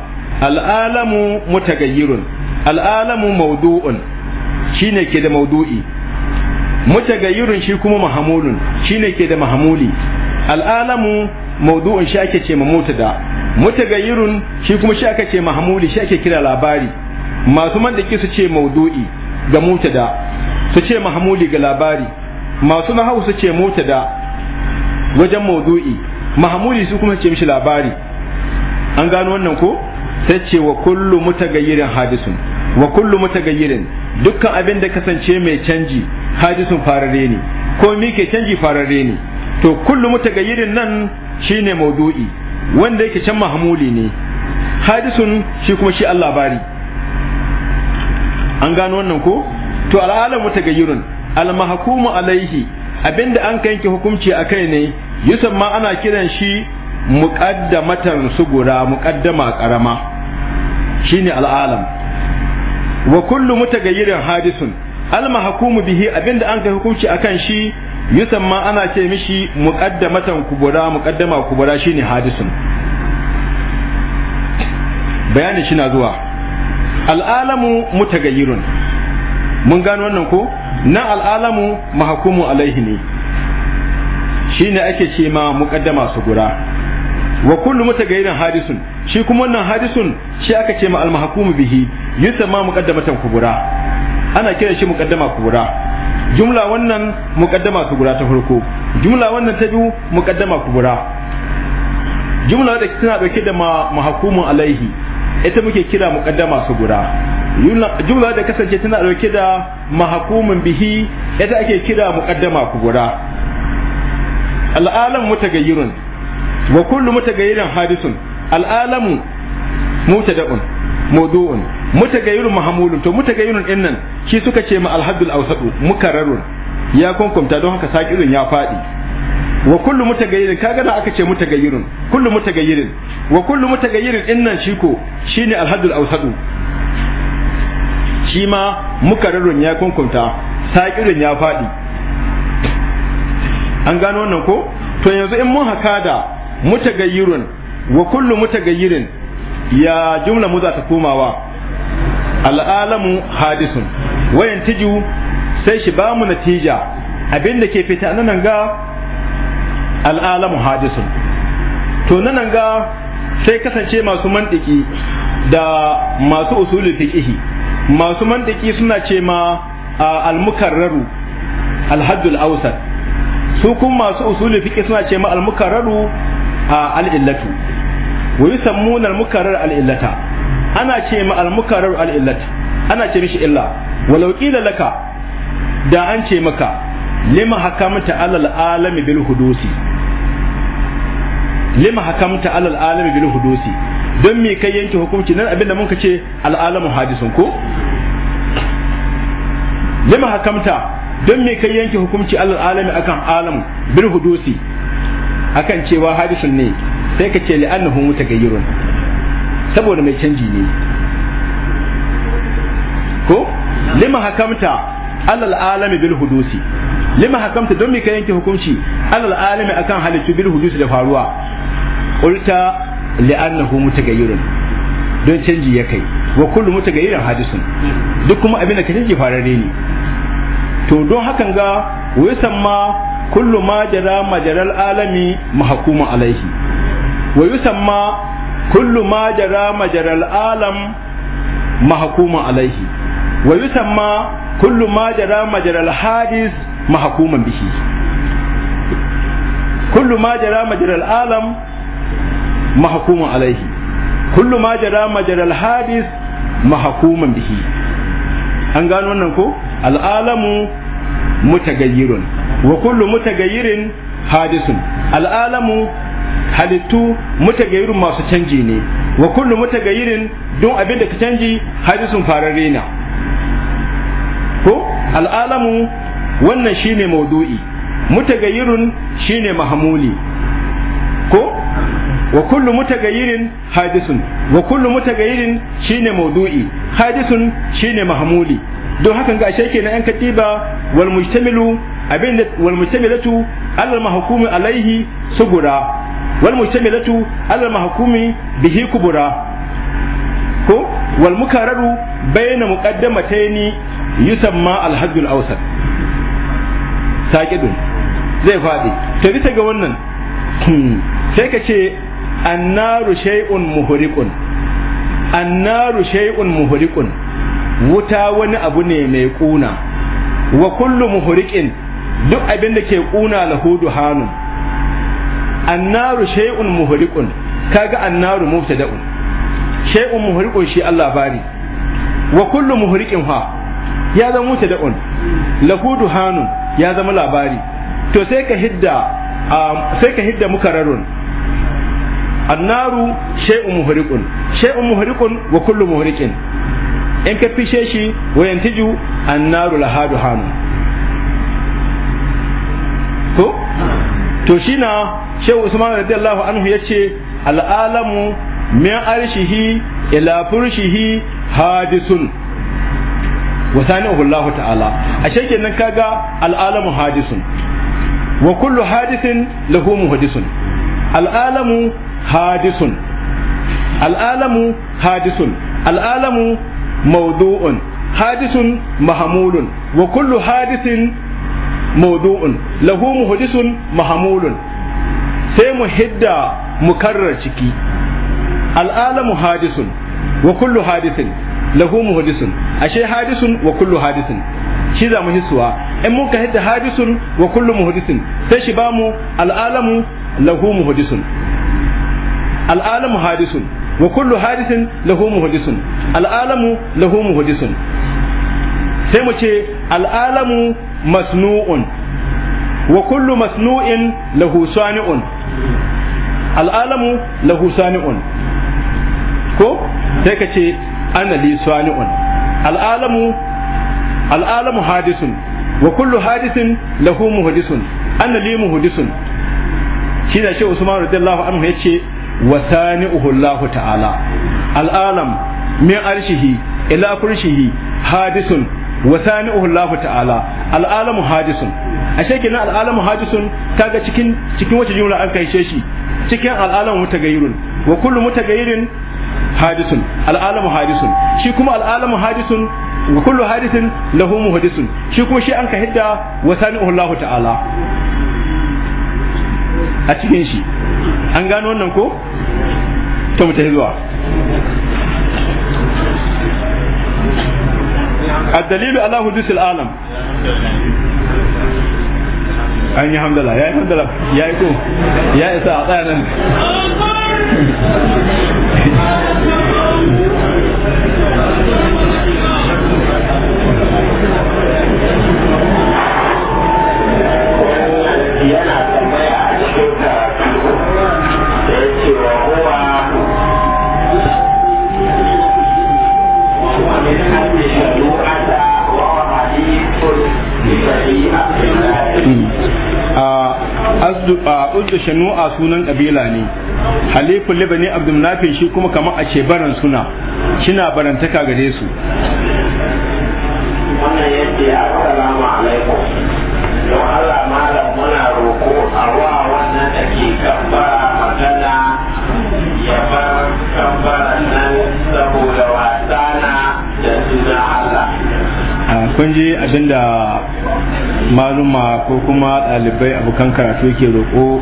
al'alamu mutagayyirun al'alamu maudu'un shine ke da maudu'i mutagayyirun shi kuma mahamulun shine ke da mahamuli al'alamu maudu'un shi ake ce da mutagayyirun shi kuma shi ake ce mahamuli shi ake kira labari masu man mandaki su ce maudu'i ga mutada su ce mahamuli ga labari masu na su ce mutada wajen maudu'i mahamuli su kuma ce mishi labari an gano wannan ko sai ce wa kullu mutagayyirin hadisun wa kullu mutagayyirin dukkan abin da kasance mai canji hadisun farare ne ko mi ke canji farare ne to kullu mutagayyirin nan shine maudu'i wanda yake can mahmuli ne hadisun shi kuma shi Allah bari an gano wannan ko to al'alam mutagayyirun al mahkumu alaihi abinda an yanke hukunci akai ne yusuf ma ana kiran shi muqaddamatan sugura muqaddama karama shine al'alam wa kullu mutagayyirin hadisun almahkumu bihi abinda an kai hukunci akan shi yusamma ana ce mishi muqaddamatan kubura muqaddama kubura shine hadisun bayani shi na zuwa al'alamu mutagayyirun mun gano wannan ko nan al'alamu mahkumu alaihi ne shine ake ce ma muqaddama gura wa kullu mutagayyirin hadisun shi kuma wannan hadisun shi aka ce ma al-mahkum bihi yusamma muqaddamatan kubura ana kiran shi muqaddama kubura jumla wannan muqaddama kubura ta farko jumla wannan ta biyu muqaddama kubura jumla da tana dauke da mahkumun alaihi ita muke kira muqaddama kubura jumla da kasance tana dauke da mahkumun bihi ita ake kira muqaddama kubura al'alam mutagayyirun wa kullu mutagayyirin hadisun al'alamu mutada'un mawdu'un mutagayyirun mahamulun to mutagayyirun din nan shi suka ce ma Alhadul awsatu mukarrarun ya kunkumta don haka sakirun ya fadi wa kullu mutagayyirin kaga da aka ce mutagayyirun kullu mutagayyirin wa kullu mutagayyirin din nan shi ko shine Alhadul awsatu shi ma mukarrarun ya kunkumta sakirun ya fadi an gano wannan ko to yanzu in mun haka da mutagayyirun wa kullu mutagayyirin ya jumla mu za ta komawa al'alamu hadisun wayan tiju sai shi ba mu natija abinda ke fita nan ga al'alamu hadisun to nan ga sai kasance masu mantiki da masu usulul fiqhi masu mantiki suna ce ma al-mukarraru al-haddul awsat su kuma masu usulul fiqhi suna ce ma al-mukarraru al-illatu wa yusammuna al-mukarrar al ana ce ma al-mukarrar al ana ce mishi illa walau qila laka da an ce maka lima hakamta alal alami bil hudusi lima hakamta alal alami bil hudusi don me kai yanke hukunci nan abinda mun ce al'alamu hadisun ko lima hakamta don me kai yanke hukunci alal alami akan alam bil hudusi akan cewa hadisun ne sai ka ce li'annahu mutagayyirun saboda mai canji ne ko lima hakamta alal alami bil hudusi lima hakamta don me ka yanke hukunci alal alami akan halittu bil hudusi da faruwa qulta li'annahu mutagayyirun don canji ya kai wa kullu mutagayyirin hadisun duk kuma abin da ka canji farare ne to don hakan ga wasan ma kullu ma jara majaral alami mahkuma alaihi wa yusamma kullu ma jara majaral alam mahkumun alaihi wa yusamma kullu ma jara majaral hadis mahkuman bihi kullu ma jara majaral alam mahkumun alaihi kullu ma jara majaral hadis mahkuman bihi an gano wannan ko al'alamu mutagayyirun wa kullu mutagayyirin hadisun al'alamu halittu mutagayirin masu canji ne wa kullu mutagayirin don abin da ka canji hadisun fararre na ko al'alamu wannan shine maudu'i mutagayyirun shine mahamuli ko wa kullu mutagayirin hadisun wa kullu mutagayirin shine maudu'i hadisun shine mahmuli don hakan ga ashe kenan an katiba wal mujtamilu abin da wal mujtamilatu alal mahkumu alaihi sugura wal mujtamilatu ala mahkumi bihi kubura ko wal mukararu bayna muqaddamataini yusamma al al awsat saqidun zai fadi to bisa ga wannan hmm, sai ka ce annaru shay'un muhriqun annaru shay'un muhriqun wuta wani abu ne mai kuna wa kullu muhriqin duk abin da ke kuna lahudu hanun annaru shay'un muhriqun kaga annaru mubtada'un shay'un muhriqun shi Allah bari wa kullu muhriqin fa ya zama mubtada'un lahudu hanun ya zama labari to sai ka hidda sai ka hidda mukararun annaru shay'un muhriqun shay'un muhriqun wa kullu muhriqin in ka fishe shi wa yantiju annaru lahadu hanun ko to shi na shehu usman radiyallahu anhu ya ce al'alamu min arshihi ila furshihi hadisun wa sani'uhu Allah ta'ala a shekenan kaga al'alamu hadisun wa kullu hadisin lahu muhadisun al'alamu hadisun al'alamu hadisun al'alamu mawdu'un hadisun mahamulun wa kullu hadisin mawdu'un lahu muhdisun mahamulun sai mu hidda mukarrar ciki al'alamu hadisun wa kullu hadisin lahu muhdisun ashe hadisun wa kullu hadisin shi za mu hisuwa in muka hidda hadisun wa kullu muhdisin sai shi bamu al'alamu lahu muhdisun al'alamu hadisun wa kullu hadisin lahu muhdisun al'alamu lahu muhdisun sai mu ce al'alamu masnu'un wa kullu masnu'in lahu sani'un al'alamu lahu sani'un ko sai ka ce ana li sani'un al'alamu al'alamu hadisun wa kullu hadisin lahu muhdisun ana li muhdisun shi da shi Usman radiyallahu anhu yace wa sani'uhu Allah ta'ala al'alam min arshihi ila kurshihi hadisun wa sami'uhu Allah ta'ala al'alamu hadisun ashe kina al'alamu hadisun kaga cikin cikin wace jumla an kai sheshi cikin al'alamu mutagayyirun wa kullu mutagayyirin hadisun al'alamu hadisun shi kuma al'alamu hadisun wa kullu hadisin lahu muhdisun shi kuma shi an ka hidda wa sami'uhu Allah ta'ala a cikin shi an gano wannan ko to mu zuwa الدليل على حدوث العالم اني نعم، الحمد لله يا الحمد لله يا يكون يا اسا اعطانا Yeah. a sunan kabila ne halifu libani abdul nafi shi kuma kamar a ce baran suna shina barantaka gare su wannan yake assalamu alaikum don Allah malam muna roko a ruwa wannan da ke kambara magana ya bar kambaran nan saboda wasa na da suna Allah kun ji abinda malama ko kuma ɗalibai abokan karatu ke roƙo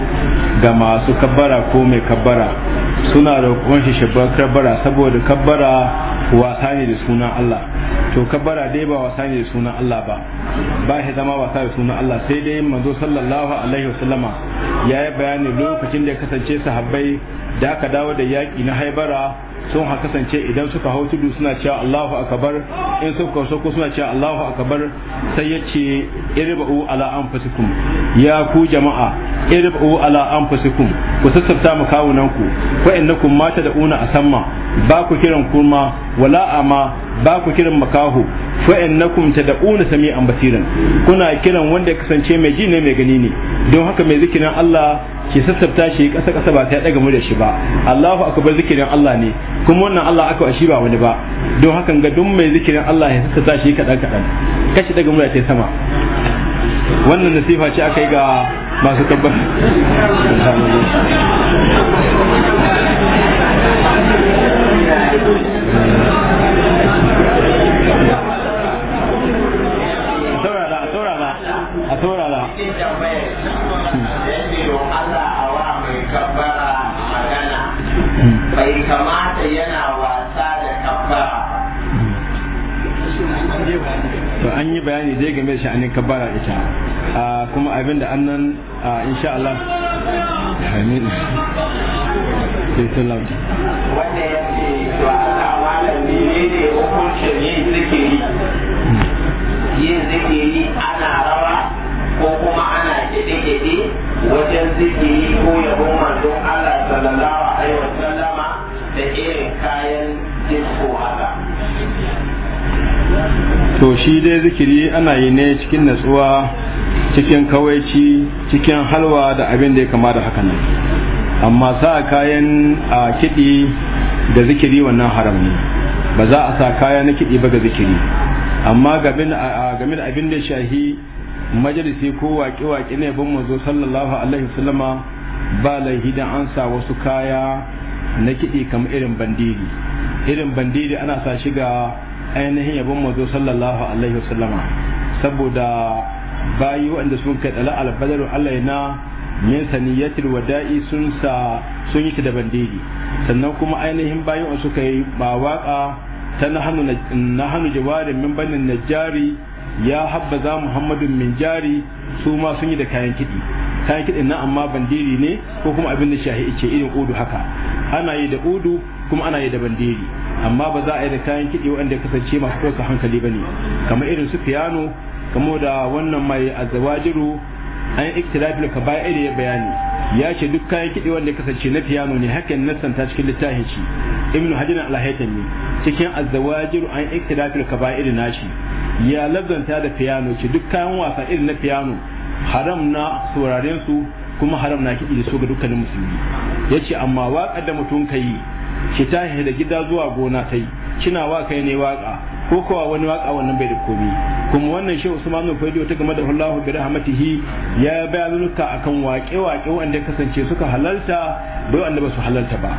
ga masu kabbara ko mai kabbara suna da shi shabbar kabbara saboda kabbara wasa ne da sunan Allah to kabbara dai ba wasa ne da sunan Allah ba ba shi zama wasa da sunan Allah sai dai manzo sallallahu alaihi wasallama ya yi bayani lokacin da ya kasance sahabbai da aka dawo da yaƙi na haibara sun ha kasance idan suka hau tudu suna cewa Allahu akbar in suka sauko suna cewa Allahu akbar sai yace irba'u ala anfusikum ya ku jama'a irba'u ala anfusikum ku sassafta mu kawunan ku fa innakum ma a asamma ba ku kiran kuma wala ama ba ku kiran makahu fa innakum tad'una sami'an basiran kuna kiran wanda kasance mai ji ne mai gani ne don haka mai zikirin Allah ke sassafta shi kasa kasa ba ta daga mu da shi ba Allahu akbar zikirin Allah ne kuma wannan Allah aka shi ba wani ba don hakan ga duk mai zikirin Allah ya sassa shi kaɗan kaɗan kashi daga mura ce sama wannan nasifa ce aka yi ga masu tabbar a saurara a saurara bai kamata yana wasa da kabbara to an yi bayani dai game da sha'anin kabbara ita ah, kuma abinda annan ah, insha Allah amin sai sallam wanda ce to a malami ne ne hukuncin yin zikiri yin zikiri ana rawa ko kuma ana kide-kide wajen zikiri ko yabon manzon Allah sallallahu alaihi wasallam da to shi dai zikiri ana yi ne cikin natsuwa cikin kawaici cikin halwa da abin da ya kama da haka nan amma sa kayan a kiɗi da zikiri wannan haram ne ba za a sa kaya na kiɗi ba ga zikiri amma game da abin da shahi majalisi ko waƙi waƙi ne bin mazo sallallahu alaihi wasallama ba laihi da an sa wasu kaya na kiɗi kamar irin bandiri irin bandiri ana sa shi ga ainihin yabon mazo sallallahu alaihi wasallama saboda bayi waɗanda sun kai tsala albadar Allah na min saniyatul wada'i sun sa sun yi da bandiri sannan kuma ainihin bayi wanda suka yi ba waka ta hannu jawarin min banin najjari ya za muhammadun min jari su ma sun yi da kayan kiɗi kayan kiɗin nan amma bandiri ne ko kuma abin da shahi ce irin udu haka ana yi da udu kuma ana yi da bandiri amma ba za a yi da kayan kiɗi wanda ya kasance masu ɗauka hankali ba ne kamar irin su fiyano kamar da wannan mai azawajiru an yi da ka baya ya bayani ya ce duk kayan kiɗi wanda ya kasance na piano ne hakan ta cikin littafin shi ibnu hajar al-haytami cikin azawajiru an da ka baya nashi ya lazanta da piano ce duk kayan wasa irin na fiyano. haram na sauraren kuma haram na kiɗi da su ga dukkanin musulmi ce amma waƙar da mutum ka yi ki da gida zuwa gona ta yi kina wakai ne waƙa ko kowa wani waƙa wannan bai da komi kuma wannan shi usman bin fadiyo ta game da Allahu bi rahmatihi ya bayanuka akan waƙe waƙe wanda ya kasance suka halalta bai wanda ba su halalta ba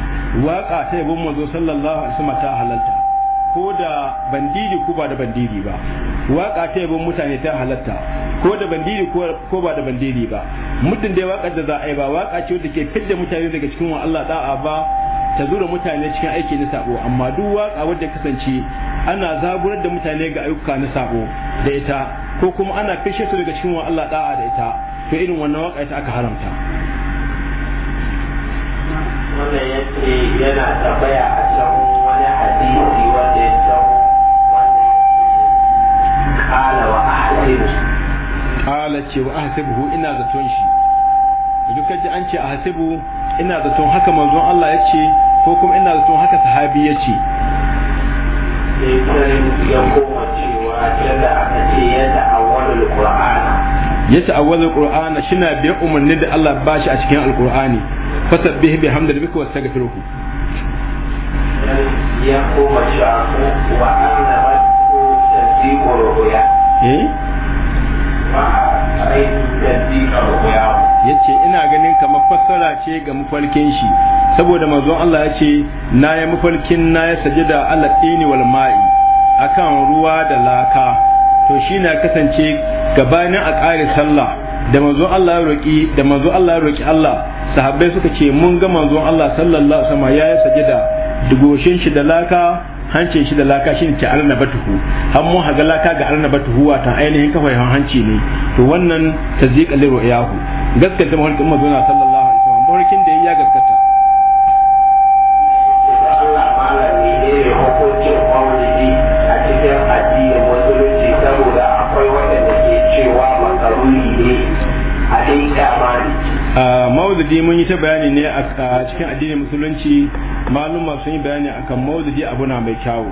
waƙa ta yabon manzo sallallahu alaihi wasallam ta halalta ko da bandidi ko ba da bandidi ba waka ta yabon mutane ta halatta ko da bandidi ko ba da bandidi ba muddin dai wakar da za a yi ba waka ce wadda ke fidda mutane daga cikin wa Allah da'a ba ta zura mutane cikin aiki na sabo amma duk waka wadda kasance ana zaburar da mutane ga ayyuka na sabo da ita ko kuma ana fishe su daga cikin wa Allah da'a da ita to irin wannan waka ita aka haramta wannan yace yana tambaya a can mudi ce kala wa ahasibu kala ce wa ahasibu ina zaton shi duk an ce ahasibu ina zaton haka manzon Allah ya ce ko kuma ina zaton haka sahabi ya ce ya koma cewa yadda aka ce yadda awwalul qur'ana ya ta'awwala alqur'ana shina biyar umarni da Allah ba shi a cikin alqur'ani fasabbih bihamdi rabbika wastaghfiruhu ya koma shafu wa ana masu tasdiqu ruya ya ce ina ganin kamar fassara ce ga mafarkin shi saboda manzon Allah ya ce na ya mafarkin na ya sajada Allah tsini wal ma'i akan ruwa da laka to shi na kasance gabanin a ƙare sallah da manzon Allah ya roƙi da manzon Allah ya roƙi Allah sahabbai suka ce mun ga manzon Allah sallallahu alaihi wasallam ya sajada dugoshin shi da laka hancin shi da laka shine ce batuhu har mu haga laka ga wa ta ainihin kafa hanci ne to wannan tazdiqa liru ru'yahu gaskata mu umma mazuna sallallahu alaihi wasallam barkin da ya gaskata a maulidi mun yi ta bayani ne a cikin addinin musulunci ma sun yi bayani akan maulidi abu na mai kyawu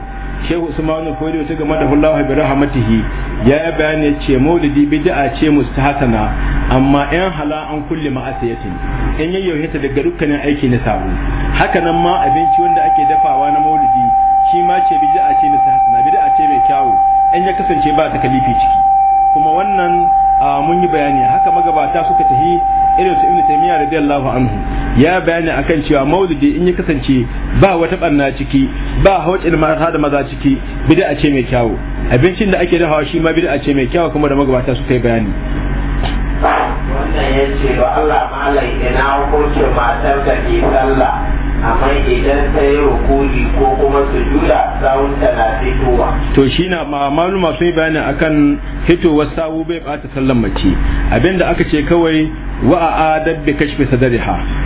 shehu usmanu kodiyo ta game da hullahu bi rahmatihi ya yi bayani ya ce maulidi bid'a ce mustahsana amma yan hala an kulli ma'asiyatin in yayyo hita daga dukkanin aiki na sabu haka nan ma abinci wanda ake dafawa na maulidi shi ma ce bid'a ce mustahsana bid'a ce mai kyawu in ya kasance ba ta kalifi ciki kuma wannan mun yi bayani haka magabata suka tahi irin su ibnu taymiya radiyallahu anhu ya bayani akan cewa maulidi in ya kasance ba wata barna ciki ba hawacin mata da maza ciki bid'a ce mai kyawu abincin da ake da hawa shi ma bid'a ce mai kyawu kuma da magabata su yi bayani wannan ya ce ba Allah malai ina matar da ke sallah amma idan ta yi rukuni ko kuma sujuda sawun ta na fitowa to shi na ma'amalu sun yi bayani akan wasu sawu bai bata sallan mace abinda aka ce kawai wa a adab bi kashfi sadariha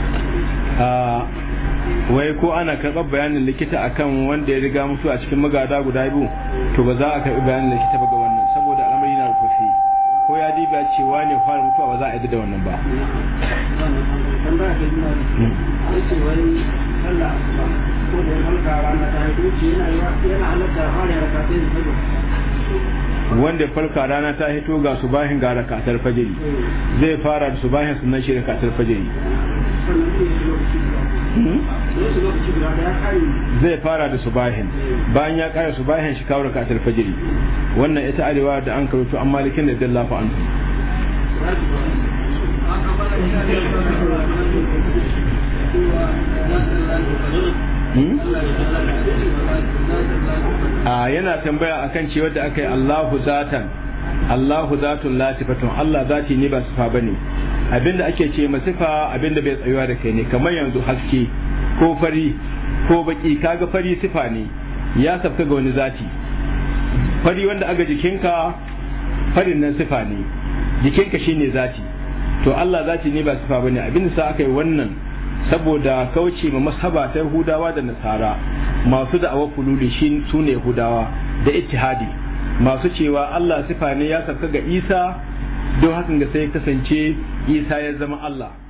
wai ko ana karɓar bayanin likita akan wanda ya riga mutu a cikin magada guda biyu to ba za a karɓi bayanin likita ba ga wannan saboda al'amari na rufafi ko ya diba cewa ne fara mutuwa ba za a yi da wannan ba wanda farka rana ta hito ga subahin ga rakatar fajiri zai fara da subahin sunan shi rakatar fajiri zai fara da subahin bayan ya kare subahin shi kawo rakatul fajiri wannan ita arewa da an karuto an malikin da dallafa an hmm? a ah, yana tambaya akan cewa da aka yi Allahu zatan Allahu zatun la Allah zati ne ba sifa bane abinda ake ce ma sifa abinda bai tsayuwa da kai ne kamar yanzu haske ko fari ko baki kaga fari sifa ne ya safka ga wani zati fari wanda aga jikinka farin nan sifa ne jikinka shine zati to Allah zati ne ba sifa bane abinda sa aka yi wannan saboda kauce ma masaba ta hudawa da Nasara masu awa fululi shi sune hudawa da ittihadi masu cewa Allah sifa ne ya sauka ga Isa don hakan da sai kasance Isa ya zama Allah